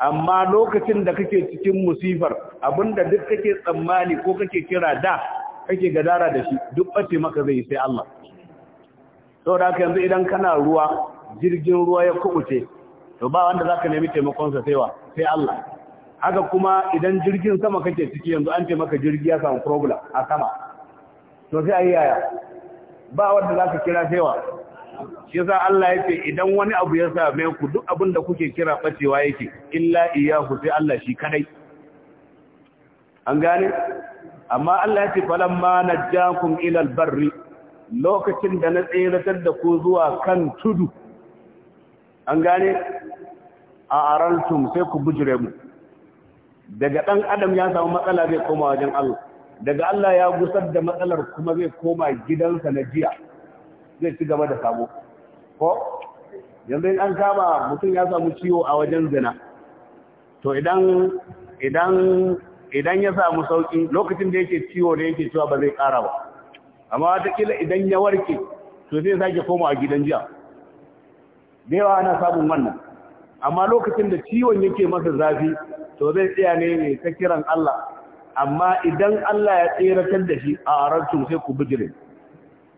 amma lokacin da kake cikin musifar abinda duk kake tsammani ko kake kira da kake gadara da shi duk bace maka zai sai Allah saboda haka yanzu idan kana ruwa jirgin ruwa ya kubuce to ba wanda zaka nemi taimakon sa saiwa sai Allah haka kuma idan jirgin sama kake ciki yanzu an taimaka jirgi ya samu problem a sama to sai ayi yaya ba wanda zaka kira saiwa shi yasa Allah yake idan wani abu ya same ku duk abin da kuke kira bacewa yake illa iyahu sai Allah shi kadai an gane amma Allah ya ce na najjakum ilal barri. lokacin da na tseratar da ku zuwa kan tudu an gane a arantum sai ku bujire mu daga dan adam ya samu matsala zai koma wajen Allah daga Allah ya gusar da matsalar kuma zai koma gidansa na jiya zai ci gaba da sabo ko yanzu an kama mutum ya samu ciwo a wajen zina to idan idan idan ya samu sauki lokacin da yake ciwo da yake ciwa ba zai kara ba amma wataƙila idan ya warke to zai sake koma a gidan jiya da ana samun wannan amma lokacin da ciwon yake masa zafi to zai tsaya ne mai ta kiran Allah amma idan Allah ya tseratar da shi a arantun sai ku bijire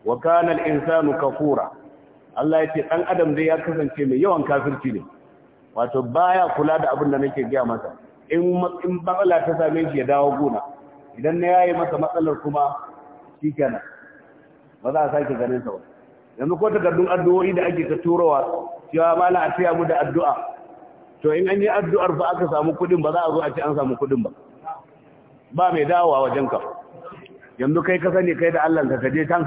wa kana al-insanu kafura Allah ya dan adam dai ya kasance mai yawan kafirci ne wato baya kula da abin da nake gaya masa in matsala ta same shi ya dawo gona idan na yayi masa matsalar kuma shi kenan ba za a sake ganin sa ba yanzu ko takardun addu'o'i da ake ta turowa cewa mala a tsaya mu da addu'a to in an yi addu'ar ba aka samu kudin ba za a zo a ce an samu kudin ba ba mai dawowa wajen ka yanzu kai ka sani kai da Allah ka kaje can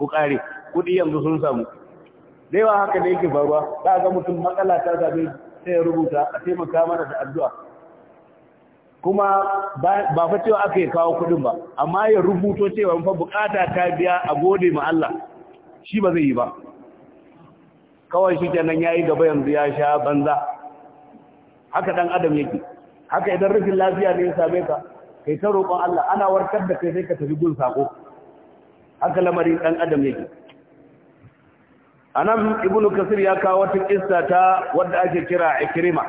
ku kare kudi yanzu sun samu da wa haka da yake faruwa za ga mutum matsala ta zabe sai ya rubuta a taimaka mana da addu'a kuma ba fa cewa aka yi kawo kudin ba amma ya rubuto cewa fa bukata ta biya a gode ma Allah shi ba zai yi ba kawai shi kenan yayi gaba yanzu ya sha banza haka dan adam yake haka idan rufin lafiya ne ya same ka kai ta roƙon Allah ana warkar da kai sai ka tafi gun sako haka lamarin dan adam yake anan ibnu kasir ya kawo wata kissa ta wanda ake kira ikrima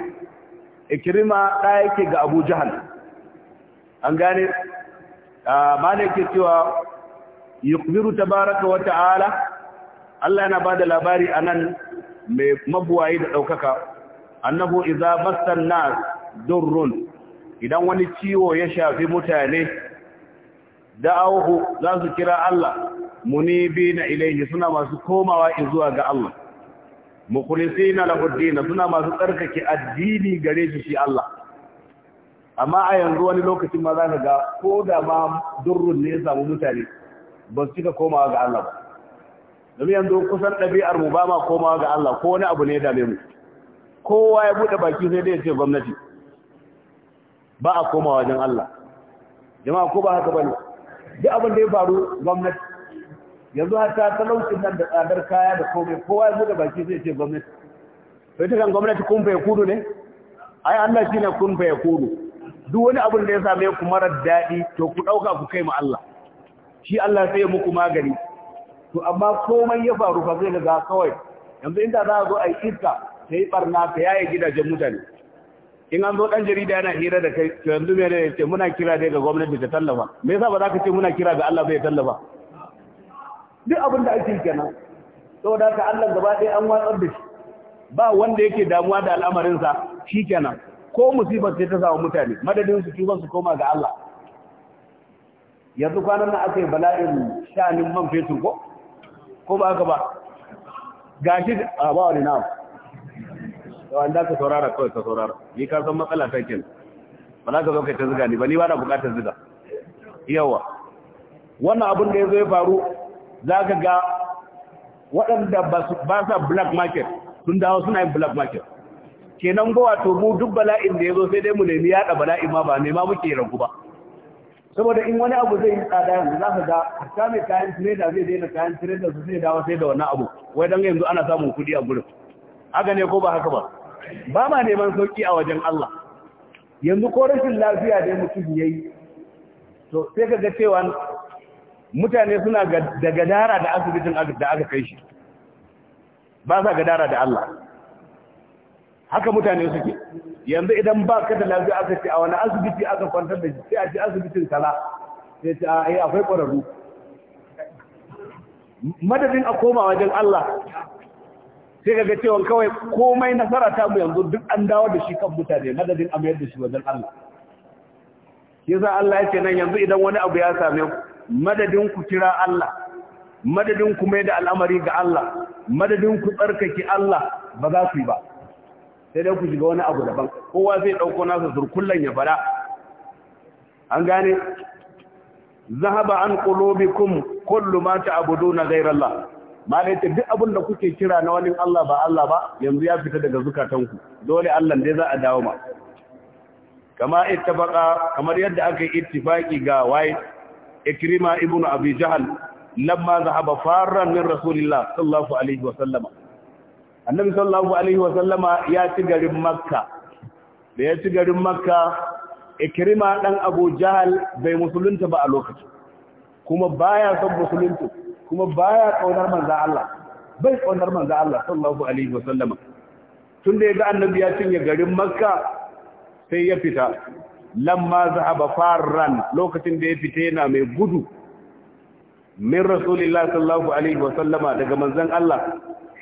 ikirima ɗaya yake ga abu jahal an gane mana yake cewa yukbiru baraka wa ta'ala Allah yana bada labari anan mai mabuwayi da ɗaukaka annahu idza bastan nas durrun idan wani ciwo ya shafi mutane da'awhu za su kira Allah munibina ilayhi suna masu komawa zuwa ga Allah mukhlisina lahu ad-din suna masu tsarkake addini gare shi shi Allah amma a yanzu wani lokacin ma zaka ga ko da ma durrun ne ya samu mutane ba su cika komawa ga Allah ba domin yanzu kusan ɗabi'ar mu ba ma komawa ga Allah ko wani abu ne ya dame mu kowa ya buɗe baki sai dai ya ce gwamnati ba a komawa wajen Allah jama'a ko ba haka bane duk abin da ya faru gwamnati yanzu ta talaucin nan da tsadar kaya da komai kowa ya da baki zai ce gwamnati sai ta kan gwamnati kun fa kudu ne ai Allah shi ne kun fa kudu duk wani abin da ya same ku marar daɗi to ku ɗauka ku kai ma Allah shi Allah sai ya muku magani to amma komai ya faru fa zai ga kawai yanzu inda za a zo a yi iska ta yi barna ta yaye gidajen mutane in an zo ɗan jarida yana hira da kai to yanzu me ne ce muna kira dai ga gwamnati ta tallafa me yasa ba za ka ce muna kira ga Allah bai tallafa duk abin da ake kenan da ka Allah gaba ɗaya an watsar da shi ba wanda yake damuwa da al'amarinsa shi kenan ko musibar sai ta samu mutane madadin su tuban su koma ga Allah yanzu kwanan nan aka yi bala'in shanin man fetur ko ko ba ka ba gashi a ba wani na da ka saurara kawai ka saurara ni ka san matsala ta kin ba za ka zo kai ta ziga ni ba ni ba na bukatar ziga yawa wannan abin da ya zo ya faru za ka ga waɗanda ba sa black market sun dawo suna yin black market kenan ba wato mu duk bala'in da ya zo sai dai mu nemi yaɗa bala'in ma ba nema muke ragu ba saboda in wani abu zai yi tsada yanzu za ka ga ka mai kayan tireda zai daina kayan tireda su zai dawo sai da wannan abu wai don yanzu ana samun kuɗi a gurin haka ne ko ba haka ba ba ma neman sauki a wajen Allah yanzu ko rashin lafiya dai mutum ya to sai ka ga cewa mutane suna da gadara da asibitin da aka kai shi ba sa gadara da Allah haka mutane suke yanzu idan ba ka da lafiya aka ce a wani asibiti aka kwantar da shi sai a ce asibitin kala sai ce a yi eh, akwai ƙwararru madadin a koma wajen Allah sai ga cewa kawai komai nasara ta mu yanzu duk an dawo da shi kan mutane madadin a mayar da shi wajen Allah yasa Allah ya ce nan yanzu idan wani abu ya same ku madadin ku kira Allah madadin ku mai da al'amari ga Allah madadin ku tsarkake Allah ba za ku yi ba sai dai ku shiga wani abu daban kowa zai dauko nasa zurkullan ya fara an gane zahaba an qulubikum kullu ma ta'buduna ghayra Allah malai ta duk abin da kuke kira na wani Allah ba Allah ba yanzu ya fita daga zukatanku dole Allah dai za a dawo ma kama ittifaqa kamar yadda aka yi ittifaki ga wai ikrima ibn abi jahal lamma zahaba farran min rasulillah sallallahu alaihi wa sallama annabi sallallahu alaihi wa sallama ya ci garin makka da ya ci garin makka ikrima dan abu jahal bai musulunta ba a lokaci kuma baya son musulunta kuma baya kaunar manzo Allah bai kaunar manzo Allah sallallahu alaihi wa sallama tunda ya ga annabi ya cinye garin makka sai ya fita lamma zahaba farran lokacin da ya fita yana mai gudu min rasulillah sallallahu alaihi wa sallama daga manzon Allah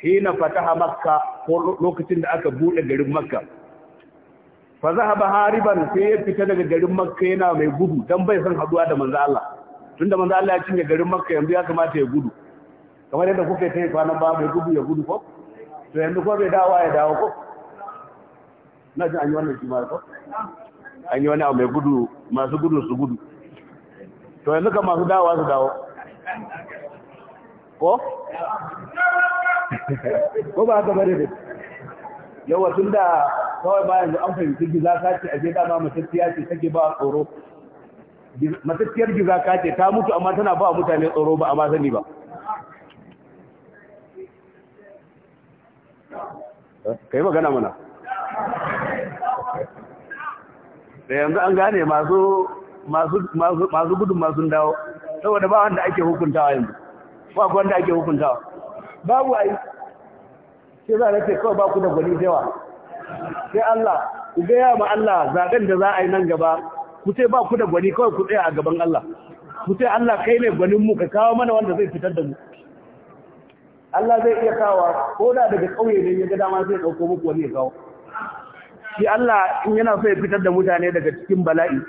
hina fataha makka ko lokacin da aka bude garin makka fa zahaba hariban sai ya fita daga garin makka yana mai gudu dan bai san haduwa da manzon Allah tunda manzon Allah ya cinye garin makka yanzu ya kamata ya gudu kamar yadda kuka yi kwanan ba mai gudu ya gudu ko to yanzu ko bai dawo ya dawo ko na ji an yi wannan jima'a ko an yi wani abu mai gudu masu gudu su gudu to yanzu kan masu dawa su dawo ko? ko ba haka bari da yawa tun da kawai bayan da an fahimci giza ta a jeda ma matattiya ce take ba tsoro matattiyar giza ka ta mutu amma tana ba mutane tsoro ba a ma sani ba yi magana mana da yanzu an gane masu masu gudun masu dawo saboda ba wanda ake hukuntawa yanzu ba wanda ake hukuntawa babu ai sai za a ce kawai ba ku da gwani yawa sai Allah ku gaya ma Allah zaben da za a yi nan gaba ku ce ba ku da gwani kawai ku tsaya a gaban Allah ku ce Allah kai ne gwanin mu ka kawo mana wanda zai fitar da mu Allah zai iya kawo ko da daga kauye ne ya ga dama zai dauko muku wani ya kawo shi Allah in yana so ya fitar da mutane daga cikin bala'i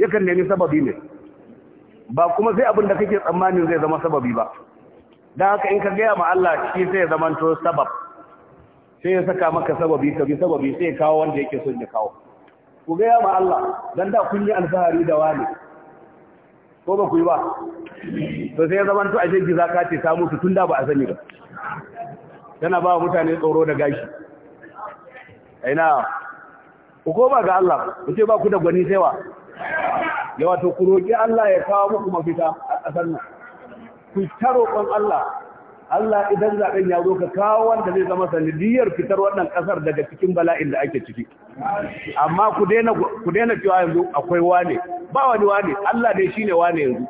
yakan nemi sababi ne ba kuma sai abin da kake tsammanin zai zama sababi ba da haka in ka gaya ma Allah shi sai ya zama to sabab sai ya saka maka sababi ka bi sababi sai ya kawo wanda yake son ya kawo ku gaya ma Allah dan da kun yi alfahari da wani ko ba ku yi ba to sai ya zama to a jirgi zaka ce ta mutu tun da ba a sani ba tana ba mutane tsoro da gashi aina ku koma ga Allah ku ce ba ku da gwani sai yawa, ya wato ku roƙi Allah ya kawo muku mafita a ƙasar nan ku ta roƙon Allah Allah idan zaɓen ya zo ka kawo wanda zai zama sanadiyar fitar wannan ƙasar daga cikin bala'in da ake ciki amma ku daina ku cewa yanzu akwai wane ba wani wane Allah dai shine wane yanzu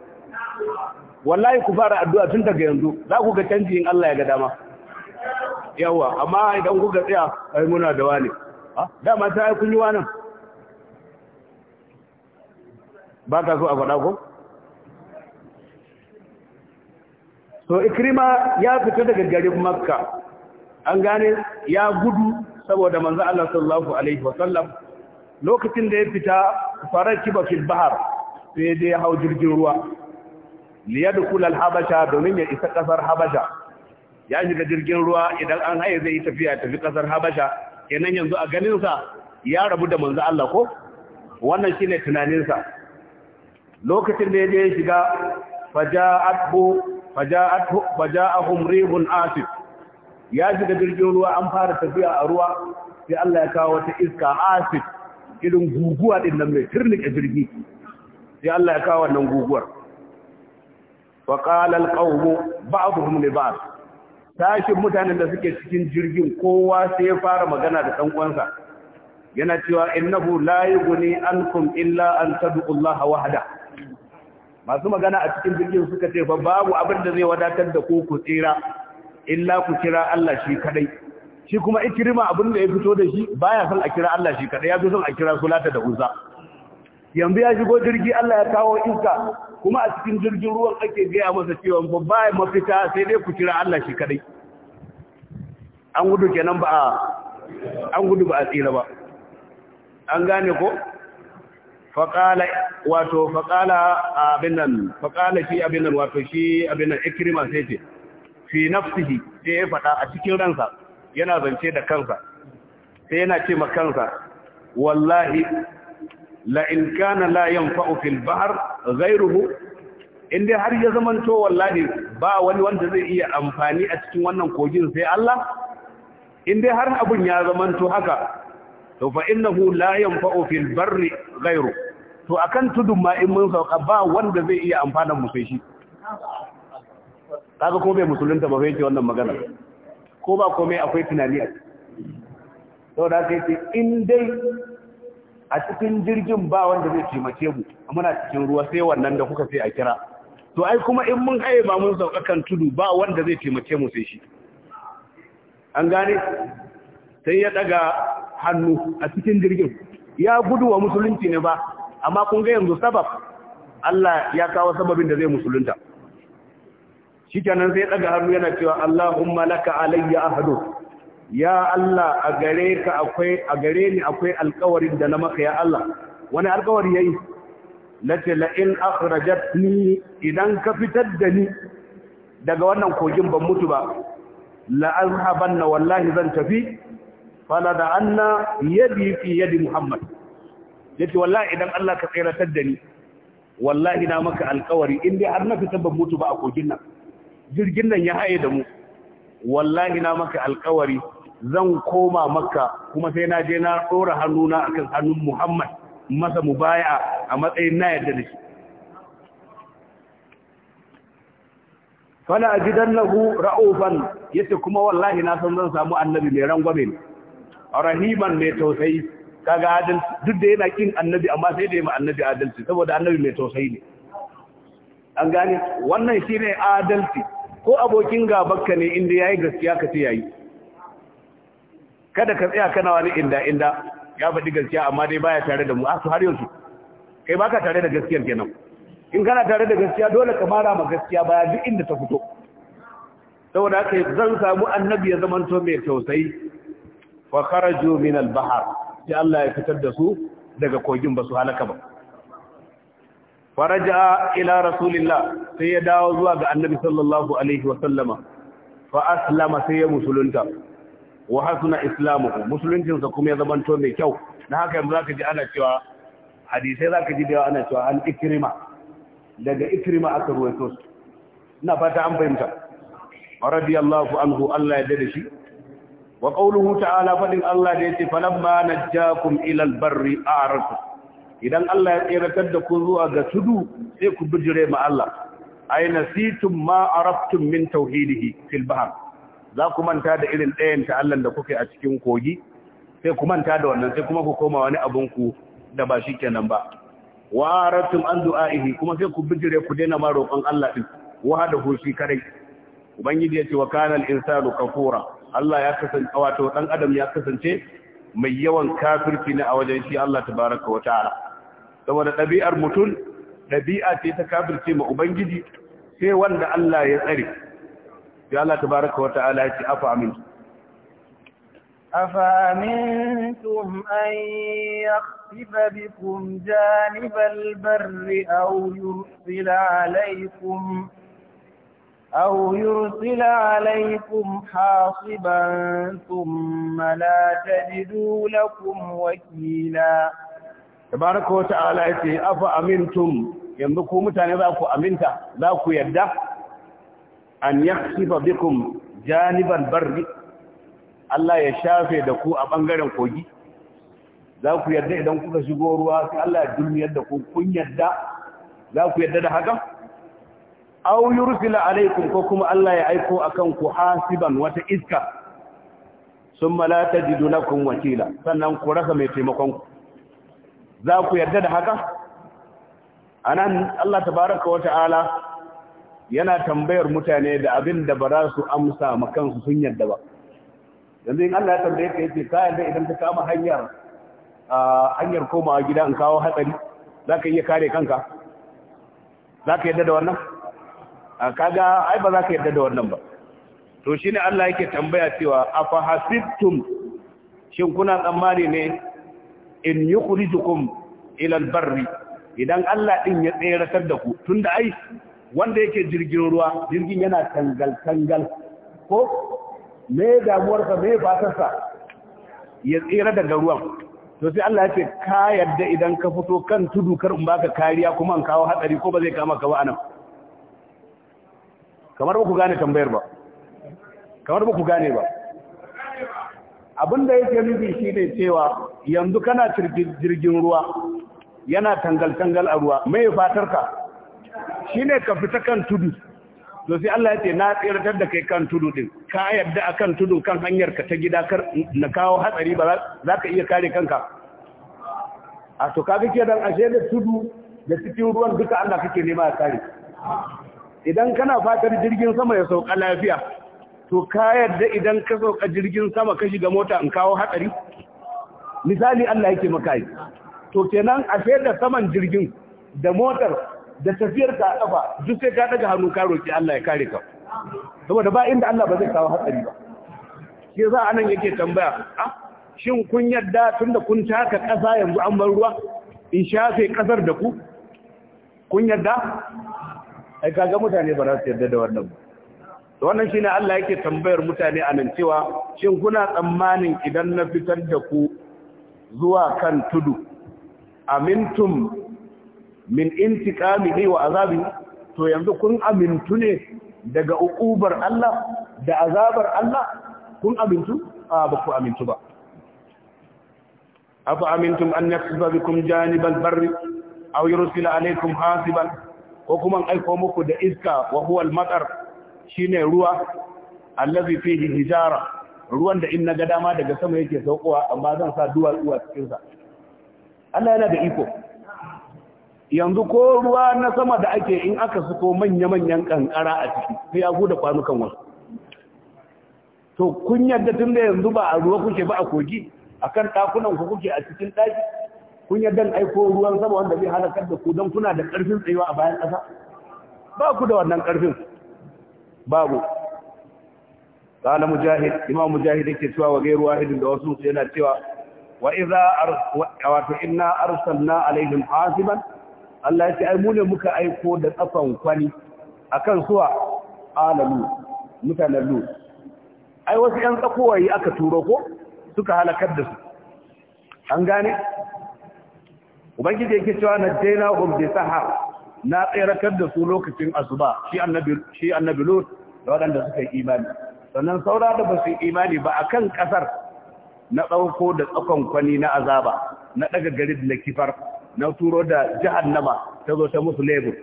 wallahi ku fara addu'a tun daga yanzu za ku ga canji in Allah ya ga dama yawa amma idan ga tsaya ai muna da wane Ah, dama ta yi kun yi ba ka so a faɗa ko? so ikrima ya fita daga garin makka an gane ya gudu saboda manzo Allah sallallahu alaihi wasallam lokacin da ya fita farar kiba fil bahar sai dai ya hau jirgin ruwa liyadkhul al habasha domin ya isa kasar habasha ya shiga jirgin ruwa idan an haye zai tafiya tafi kasar habasha kenan yanzu a ganinsa ya rabu da manzo Allah ko wannan shine sa. lokacin da ya je shiga faja'atu faja'atu faja'ahum ribun asif ya shiga jirgin ruwa an fara tafiya a ruwa sai Allah ya kawo wata iska asif irin guguwa din nan mai turnike jirgi sai Allah ya kawo wannan guguwar wa qala alqawmu ba'dhum li ba'd tashin mutanen da suke cikin jirgin kowa sai ya fara magana da ɗan'uwansa yana cewa innahu la yughni ankum illa an tad'u wahda masu magana a cikin jirgin suka ce fa babu abin da zai wadatar da ku ku tsira illa ku kira Allah shi kadai shi kuma ikirima abin da ya fito da shi baya son a kira Allah shi kadai ya fi son a kira sulata da uzza yanzu ya shigo jirgi Allah ya kawo iska kuma a cikin jirgin ruwan ake gaya masa cewa babba ya mafita sai dai ku kira Allah shi kadai an gudu kenan ba a an gudu ba a tsira ba an gane ko faqala wato faqala abin nan faqala shi abin nan wato shi abin nan ikrima sai ce fi nafsihi sai ya fada a cikin ransa yana zance da kansa sai yana ce ma kansa wallahi la'in kana la yanfa'u fil bahr ghayruhu in dai har ya to wallahi ba wani wanda zai iya amfani a cikin wannan kogin sai Allah in dai har abun ya to haka to fa innahu la yanfa'u fil barri ghayru to akan tudun ma in mun sauka ba wanda zai iya amfana mu sai shi kaga ko bai musulunta ba sai wannan magana ko ba komai akwai tunani a to da ce in dai a cikin jirgin ba wanda zai taimake mu muna cikin ruwa sai wannan da kuka sai a kira to ai kuma in mun haye ba mun sauka kan tudu ba wanda zai taimake mu sai shi an gane sai ya daga hannu a cikin jirgin ya gudu wa musulunci ne ba amma kun ga yanzu sabab Allah ya kawo sababin da zai musulunta Shi shikenan sai ya daga hannu yana cewa Allahumma laka alayya ahdu ya Allah a gare ka akwai a gare ni akwai alƙawarin da na maka ya Allah wani alƙawari yayi lati la in akhrajatni idan ka fitar da ni daga wannan kogin ban mutu ba la azhabanna wallahi zan tafi fala da anna yadi fi yadi muhammad yace wallahi idan Allah ka tsiratar da ni wallahi na maka alƙawari in dai har na fitar ban mutu ba a kogin nan jirgin nan ya haye da mu wallahi na maka alƙawari zan koma makka kuma sai na je na tsora hannuna akan hannun muhammad masa mubaya a matsayin na yadda da shi fala ajidan lahu ra'ufan yace kuma wallahi na san zan samu annabi mai rangwame rahiman mai tausayi kaga adalci duk da yana kin annabi amma sai da yayi annabi adalci saboda annabi mai tausayi ne an gane wannan shine adalci ko abokin gabakka ne inda yayi gaskiya ka ce yayi kada ka tsaya kana wani inda inda ya faɗi gaskiya amma dai baya tare da mu a su har yanzu kai baka tare da gaskiyar kenan in kana tare da gaskiya dole ka mara ma gaskiya baya duk inda ta fito saboda haka zan samu annabi ya zamanto mai tausayi fa kharaju min al-bahr sai Allah ya fitar da su daga kogin ba su halaka ba faraja ila rasulillah sai ya dawo zuwa ga annabi sallallahu alaihi wa sallama fa aslama sai ya musulunta wa hasuna islamuhu musuluncinsa kuma ya zamanto mai kyau na haka yanzu zaka ji ana cewa hadisai zaka ji da ana cewa an ikrima daga ikrima aka ruwaito ina fata an fahimta radiyallahu anhu Allah ya dade shi wa qawluhu ta'ala fadin Allah da yace falamma najjakum ila albarri a'rafu idan Allah ya tseratar da ku zuwa ga tudu sai ku bijire ma Allah ay nasitum ma araftum min tauhidihi fil bahr za ku manta da irin ɗayan ta'allan da kuke a cikin kogi sai ku manta da wannan sai kuma ku koma wani abinku da ba shi kenan ba wa rattum an du'a'ihi kuma sai ku bijire ku daina ma roƙon Allah din wahada hu shi kare ubangiji ya ce wa kana al-insanu kafura Allah ya kasance wato dan adam ya kasance mai yawan kafirci ne a wajen shi Allah tabaaraka wa ta'ala saboda ɗabi'ar mutum ɗabi'a ce ta kafirce ma ubangiji sai wanda Allah ya tsare ya Allah ala ya yake afa amin afa amintum an yakhfifa bikum janibal barri aw yursila alaykum aw yursila alaykum hasiban thumma la tajidu lakum wakila wata ala ya ce afa amintum yanzu ku mutane za ku aminta za ku yadda an yaksiba bikum janiban barri Allah ya shafe da ku a bangaren kogi za ku yarda idan kuka shigo ruwa sai Allah ya dulmiyar da ku kun yarda za ku yarda da haka aw yursila alaykum ko kuma Allah ya aiko akan ku hasiban wata iska summa la tajidu lakum wakila sannan ku rasa mai taimakon ku za ku yarda da haka anan Allah tabaaraka wa ta'ala yana tambayar mutane da abin da ba za su amsa ma su sun yadda ba yanzu in Allah ya tambaye ka yace ka yadda idan ka kama hanyar hanyar komawa gida in kawo hatsari za ka iya kare kanka za ka yadda da wannan kaga ai ba za ka yadda da wannan ba to shine Allah yake tambaya cewa afa hasibtum shin kuna tsammani ne in yukhrijukum ila albarri idan Allah din ya tseratar da ku tunda ai wanda yake jirgin ruwa jirgin yana tangal-tangal ko me damuwarsa me fatarsa ya tsira daga ruwan to sai Allah ya ce ka yadda idan ka fito kan tudu kar in baka kariya kuma an kawo hadari ko ba zai kama ka ba anan kamar ba ku gane tambayar ba kamar ba ku gane ba abin da yake nufi shine cewa yanzu kana jirgin ruwa yana tangal-tangal a ruwa mai fatarka Shi ne ka fita kan tudu to sai Allah ya ce na tsirtar da kai kan tudu din ka a akan tudu kan hanyar ka ta gida kar na kawo hatsari ba za ka iya kare kanka a to kaga kenan ashe da tudu da cikin ruwan duka Allah kake nema ya kare idan kana fatar jirgin sama ya sauka lafiya to ka yadda idan ka sauka jirgin sama ka shiga mota in kawo hatsari misali Allah yake maka yi to kenan ashe da saman jirgin da motar da tafiyar ka a kafa duk sai ka daga hannu ka roki Allah ya kare ka saboda ba inda Allah ba zai kawo hatsari ba sai za anan yake tambaya a? Ah, shin kun yadda tunda kun taka kasa yanzu an bar ruwa in shafe kasar da ku kun yadda ai kaga mutane ba za su yarda da wannan ba to wannan shine Allah yake tambayar mutane anan cewa shin kuna tsammanin idan na fitar da ku zuwa kan tudu amintum min intiqamihi wa azabi to yanzu kun amintu ne daga uqubar Allah da azabar Allah kun amintu a ba ku amintu ba afa amintum an yakhsiba bikum janibal barri aw yursila alaykum hasiban ko kuma aiko muku da iska wa huwa al-matar shine ruwa allazi fihi hijara ruwan da in naga dama daga sama yake saukowa amma zan sa duwatsu a cikin sa Allah yana da iko yanzu ko ruwa na sama da ake in aka suko manya-manyan kankara a ciki sai ya da kwanukan wasu to kun yadda tun da yanzu ba a ruwa kuke ba a kogi a kan ɗakunan ku kuke a cikin ɗaki kun yadda aiko ruwan sama wanda zai halakar da ku don kuna da ƙarfin tsayuwa a bayan ƙasa ba ku da wannan ƙarfin babu قال mujahid imam mujahid yake cewa wa gairu wahidin da wasu yana cewa wa idza wato inna arsalna alaihim hasiban Allah ya ce ai mu ne muka aiko da tsafan kwani akan suwa alamu, mutanen lu ai wasu ƴan tsakowayi aka turo ko suka halakar da su an gane ubangiji yake cewa na daina umar da saha na tsayarkar da su lokacin asuba shi annabi shi annabi da waɗanda suka yi imani sannan saura da ba su imani ba akan kasar na ɗauko da tsakon kwani na azaba na ɗaga garin da kifar na turo da jahannama ta zo ta musu lebur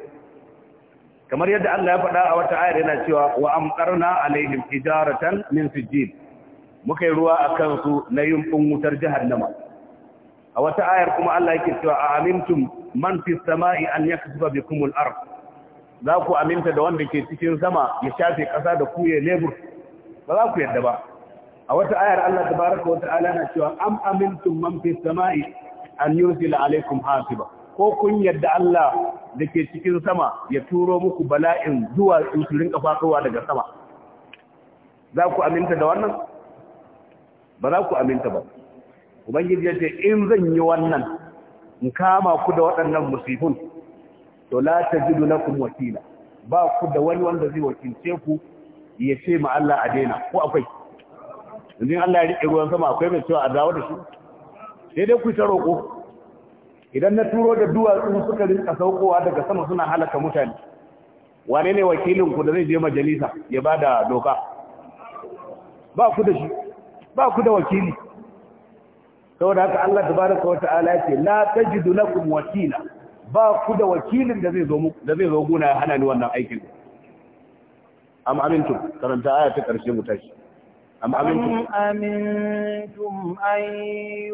kamar yadda Allah ya faɗa a wata ayar yana cewa wa amqarna alaihim hijaratan min sijil muka yi ruwa a su na yumfin wutar jahannama a wata ayar kuma Allah yake cewa a amintum man fi samai an yaksuba bikum al-ard za ku aminta da wanda ke cikin sama ya shafe kasa da ku ya lebur ba za ku yadda ba a wata ayar Allah tabaraka wa ta'ala na cewa am amintum man fi samai an yursil alaikum hasiba ko kun yadda Allah da ke cikin sama ya turo muku bala'in zuwa su kafafuwa daga sama za ku aminta da wannan ba za ku aminta ba ubangiji ya ce in zan yi wannan in kama ku da waɗannan musifun to la tajidu lakum wakila ba ku da wani wanda zai wakilce ku ya ce ma Allah a daina ko akwai Idan Allah ya riƙe ruwan sama akwai mai cewa a dawo da shi daidai ku ta roƙo idan na turo da duwatsu suka rinka saukowa daga sama suna halaka mutane wane ne wakilin ku da zai je majalisa ya ba da doka ba ku da shi ba ku da wakili saboda haka Allah tabaraka wata'ala ya ce la tajidu lakum wakila ba ku da wakilin da zai zo mu da zai zo guna hana ni wannan aikin amma amintu karanta aya ta karshe mu tashi أم أمنتم, أمنتم أن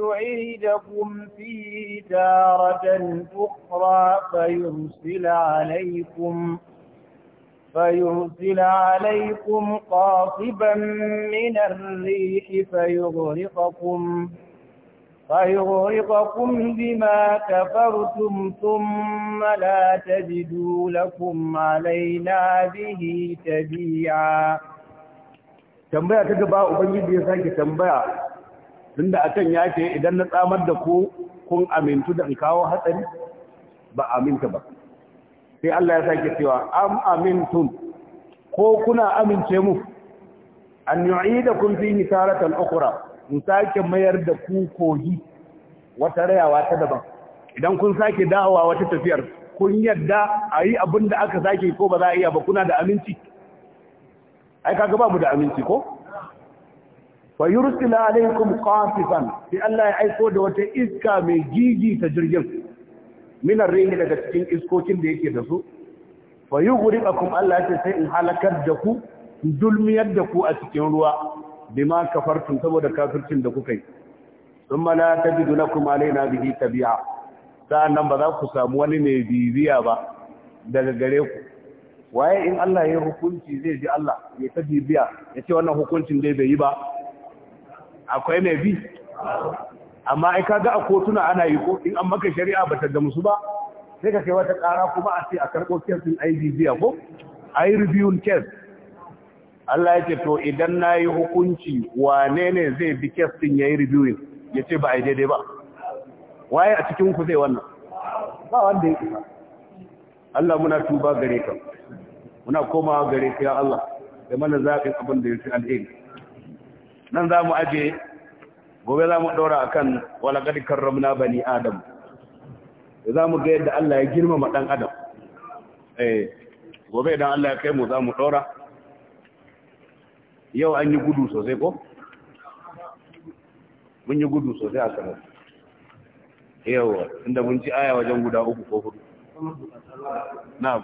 يعيدكم في تارة أخرى فيرسل عليكم فيرسل عليكم قاصبا من الريح فيغرقكم فيغرقكم بما كفرتم ثم لا تجدوا لكم علينا به تبيعا tambaya ta gaba ubangiji ya sake tambaya tunda akan ya ce idan na tsamar da ku kun amintu da in kawo hatsari ba aminta ba sai Allah ya sake cewa am amintum ko kuna amince mu an yu'idakum fi misaratan ukhra in sake mayar da ku kogi wata rayawa ta daban idan kun sake dawowa wata tafiyar kun yadda ayi yi abin da aka sake ko ba za a iya ba kuna da aminci ai kaga babu da aminci ko wa yursila alaykum qatifan sai Allah ya aiko da wata iska mai gigi ta jirgin min arrihi daga cikin iskokin da yake da su wa yughriqakum Allah ya ce sai in halakar da ku dulmiyar da ku a cikin ruwa bima kafartum saboda kafircin da kuka yi thumma la tajidu lakum alayna bihi tabi'a sa'annan ba za ku samu wani mai bibiya ba daga gare ku waye in Allah ya hukunci zai ji Allah ya ta bibiya ya ce wannan hukuncin dai bai yi ba akwai mai bi amma ai kaga a kotuna ana yi ko in an maka shari'a ba ta gamsu ba sai ka kai wata ƙara kuma a ce a karɓo kesin IDB ko ai reviewing case Allah ya ce to idan na yi hukunci wane ne zai bi kesin ya yi reviewing ya ce ba a yi daidai ba waye a cikin ku zai wannan ba wanda ya isa Allah muna tuba gare ka muna komawa gare ka ya Allah da mana zaɓi abin da ya fi alheri nan za mu aje gobe za mu ɗora a kan walaƙar karramna bani adam za mu ga yadda Allah ya girmama ɗan adam eh, gobe idan Allah ya kai mu za mu ɗora yau an yi gudu sosai ko? mun yi gudu sosai a sanar yau inda mun ci aya wajen guda uku ko hudu na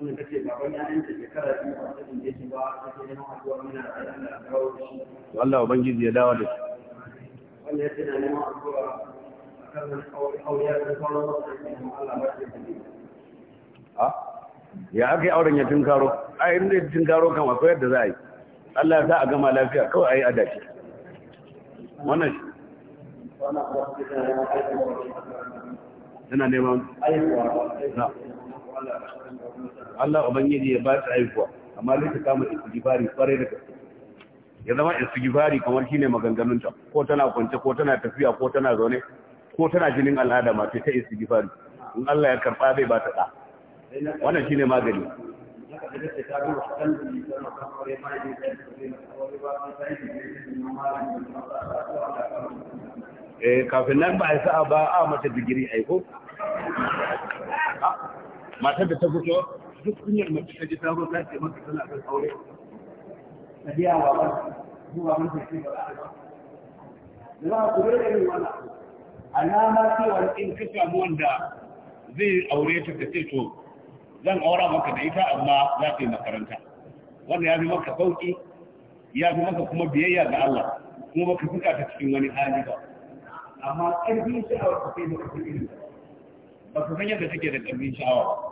wanda take baban ƴaƴan ta shekara biyu ba ta tunje shi ba take neman haɗuwa muna da Allah da dawo da shi Allah ubangiji ya dawo da shi wanda yake na neman addu'a akan wani auriya da sauran wasu Allah ba shi da ya aka yi auren ya tunkaro a inda ya tunkaro kan akwai yadda za a yi Allah ya sa a gama lafiya kawai a yi adashi wannan shi yana neman aikuwa Allah ubangiji ya ba ta haihuwa amma zai ta kama istighfari kwarai da kasu. ya zama istighfari kamar shine ne maganganunta, ko tana kwance ko tana tafiya ko tana zaune ko tana jinin al'ada ma ta ta istighfari in Allah ya karba zai ba ta ɗa. wannan ne magani eh, kafin nan ba a yi sa'a ba a mata digiri aiko matar da ta fito duk kunyar mace ta ji ta zo ta ce maka tana kan aure ta biya wa ba zuwa mun ta ce ba za a ba ku da irin wannan alama ce wa in ka samu wanda zai aure ta ta ce to zan aura maka da ita amma za ta yi makaranta wannan ya fi maka sauki ya fi maka kuma biyayya ga Allah kuma baka fuka ta cikin wani hali ba amma ƙarfin sha'awar ka sai da san irin ba ka san yadda take da ƙarfin sha'awa ba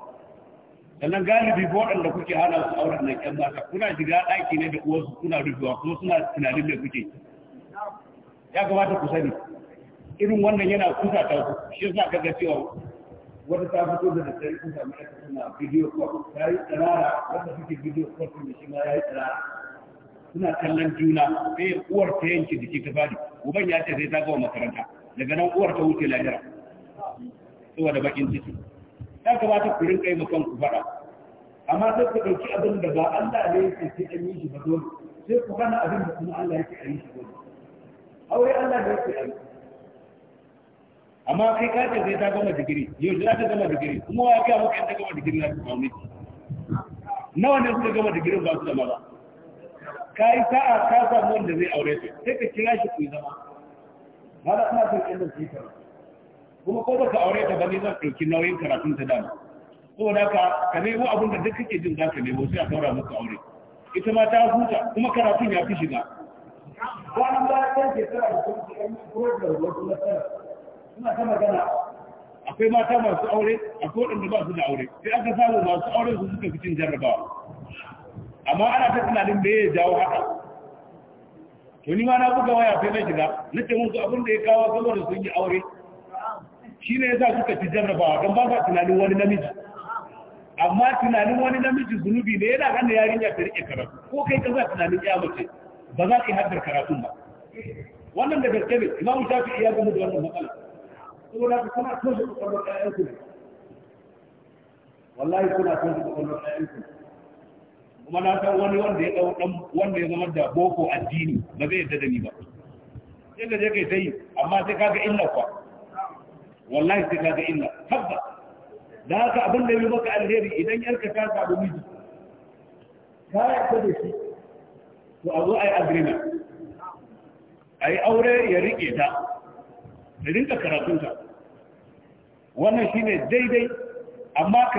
sannan galibi ko waɗanda kuke hana su auren nan ƴan mata kuna shiga ɗaki ne da uwarsu kuna rufewa ko suna tunanin da kuke ya kamata ku sani irin wannan yana kusa ta ku shi yasa kaga cewa wata ta fito da daddare kun sami aka suna bidiyo ko ta yi tsirara wanda suke bidiyo ko tun da shi ma ya yi tsirara suna kallon juna sai uwar ta yanke jiki ta fadi uban ya ce sai ta gawa makaranta daga nan uwar ta wuce lahira saboda bakin ciki ya kamata ku rinka yi ma kanku faɗa amma sai ku ɗauki abin da ba Allah ne yake sai an yi shi ba dole sai ku hana abin da kuma Allah yake an yi shi dole aure Allah ne yake an yi amma kai ka ce sai ta gama digiri yau za ta gama digiri kuma wa ga muka ta gama digiri na ta samu miki nawa ne suka gama digirin ba su da maza ka yi sa'a ka samu wanda zai aure su sai ka kira shi ku yi zama mala da ana son ƙin su yi karatu kuma ko baka aure ta bane zan ɗauki nauyin karatun ta dama saboda ka ka nemo abin da duk kake jin za ka nemo sai a saura maka aure ita ma ta huta kuma karatun ya fi shiga kwanan ba ta ke tsara da kuma ɗan program wasu nasara suna ta magana akwai mata masu aure akwai waɗanda ba su da aure sai aka samu masu aure su suka fi cin jarrabawa amma ana ta tunanin me ya jawo haka to ni ma na buga waya sai na shiga na ce musu abin da ya kawo saboda sun yi aure shi ne za suka ci jarrabawa don ba ba tunanin wani namiji amma tunanin wani namiji zunubi ne yana ganin yarin ya rike karatu ko kai ka za tunanin ya mace ba za ka yi haddar karatun ba wannan da gaske ne imamu shafi iya gama da wannan matsala saboda ka kuna su kwakwalwar ɗayanku ne wallahi kuna toshe kwakwalwar ɗayanku kuma na san wani wanda ya ɗau ɗan wanda ya zama da boko addini ba zai yadda da ni ba sai ka je kai ta yi amma sai kaga illa kwa wallahi sai ga illa tabba da haka abin da ya maka alheri idan yarka ta samu miji ka yarda da shi to a zo ai a yi aure ya rike ta da rinka karatunta wannan shine daidai amma ka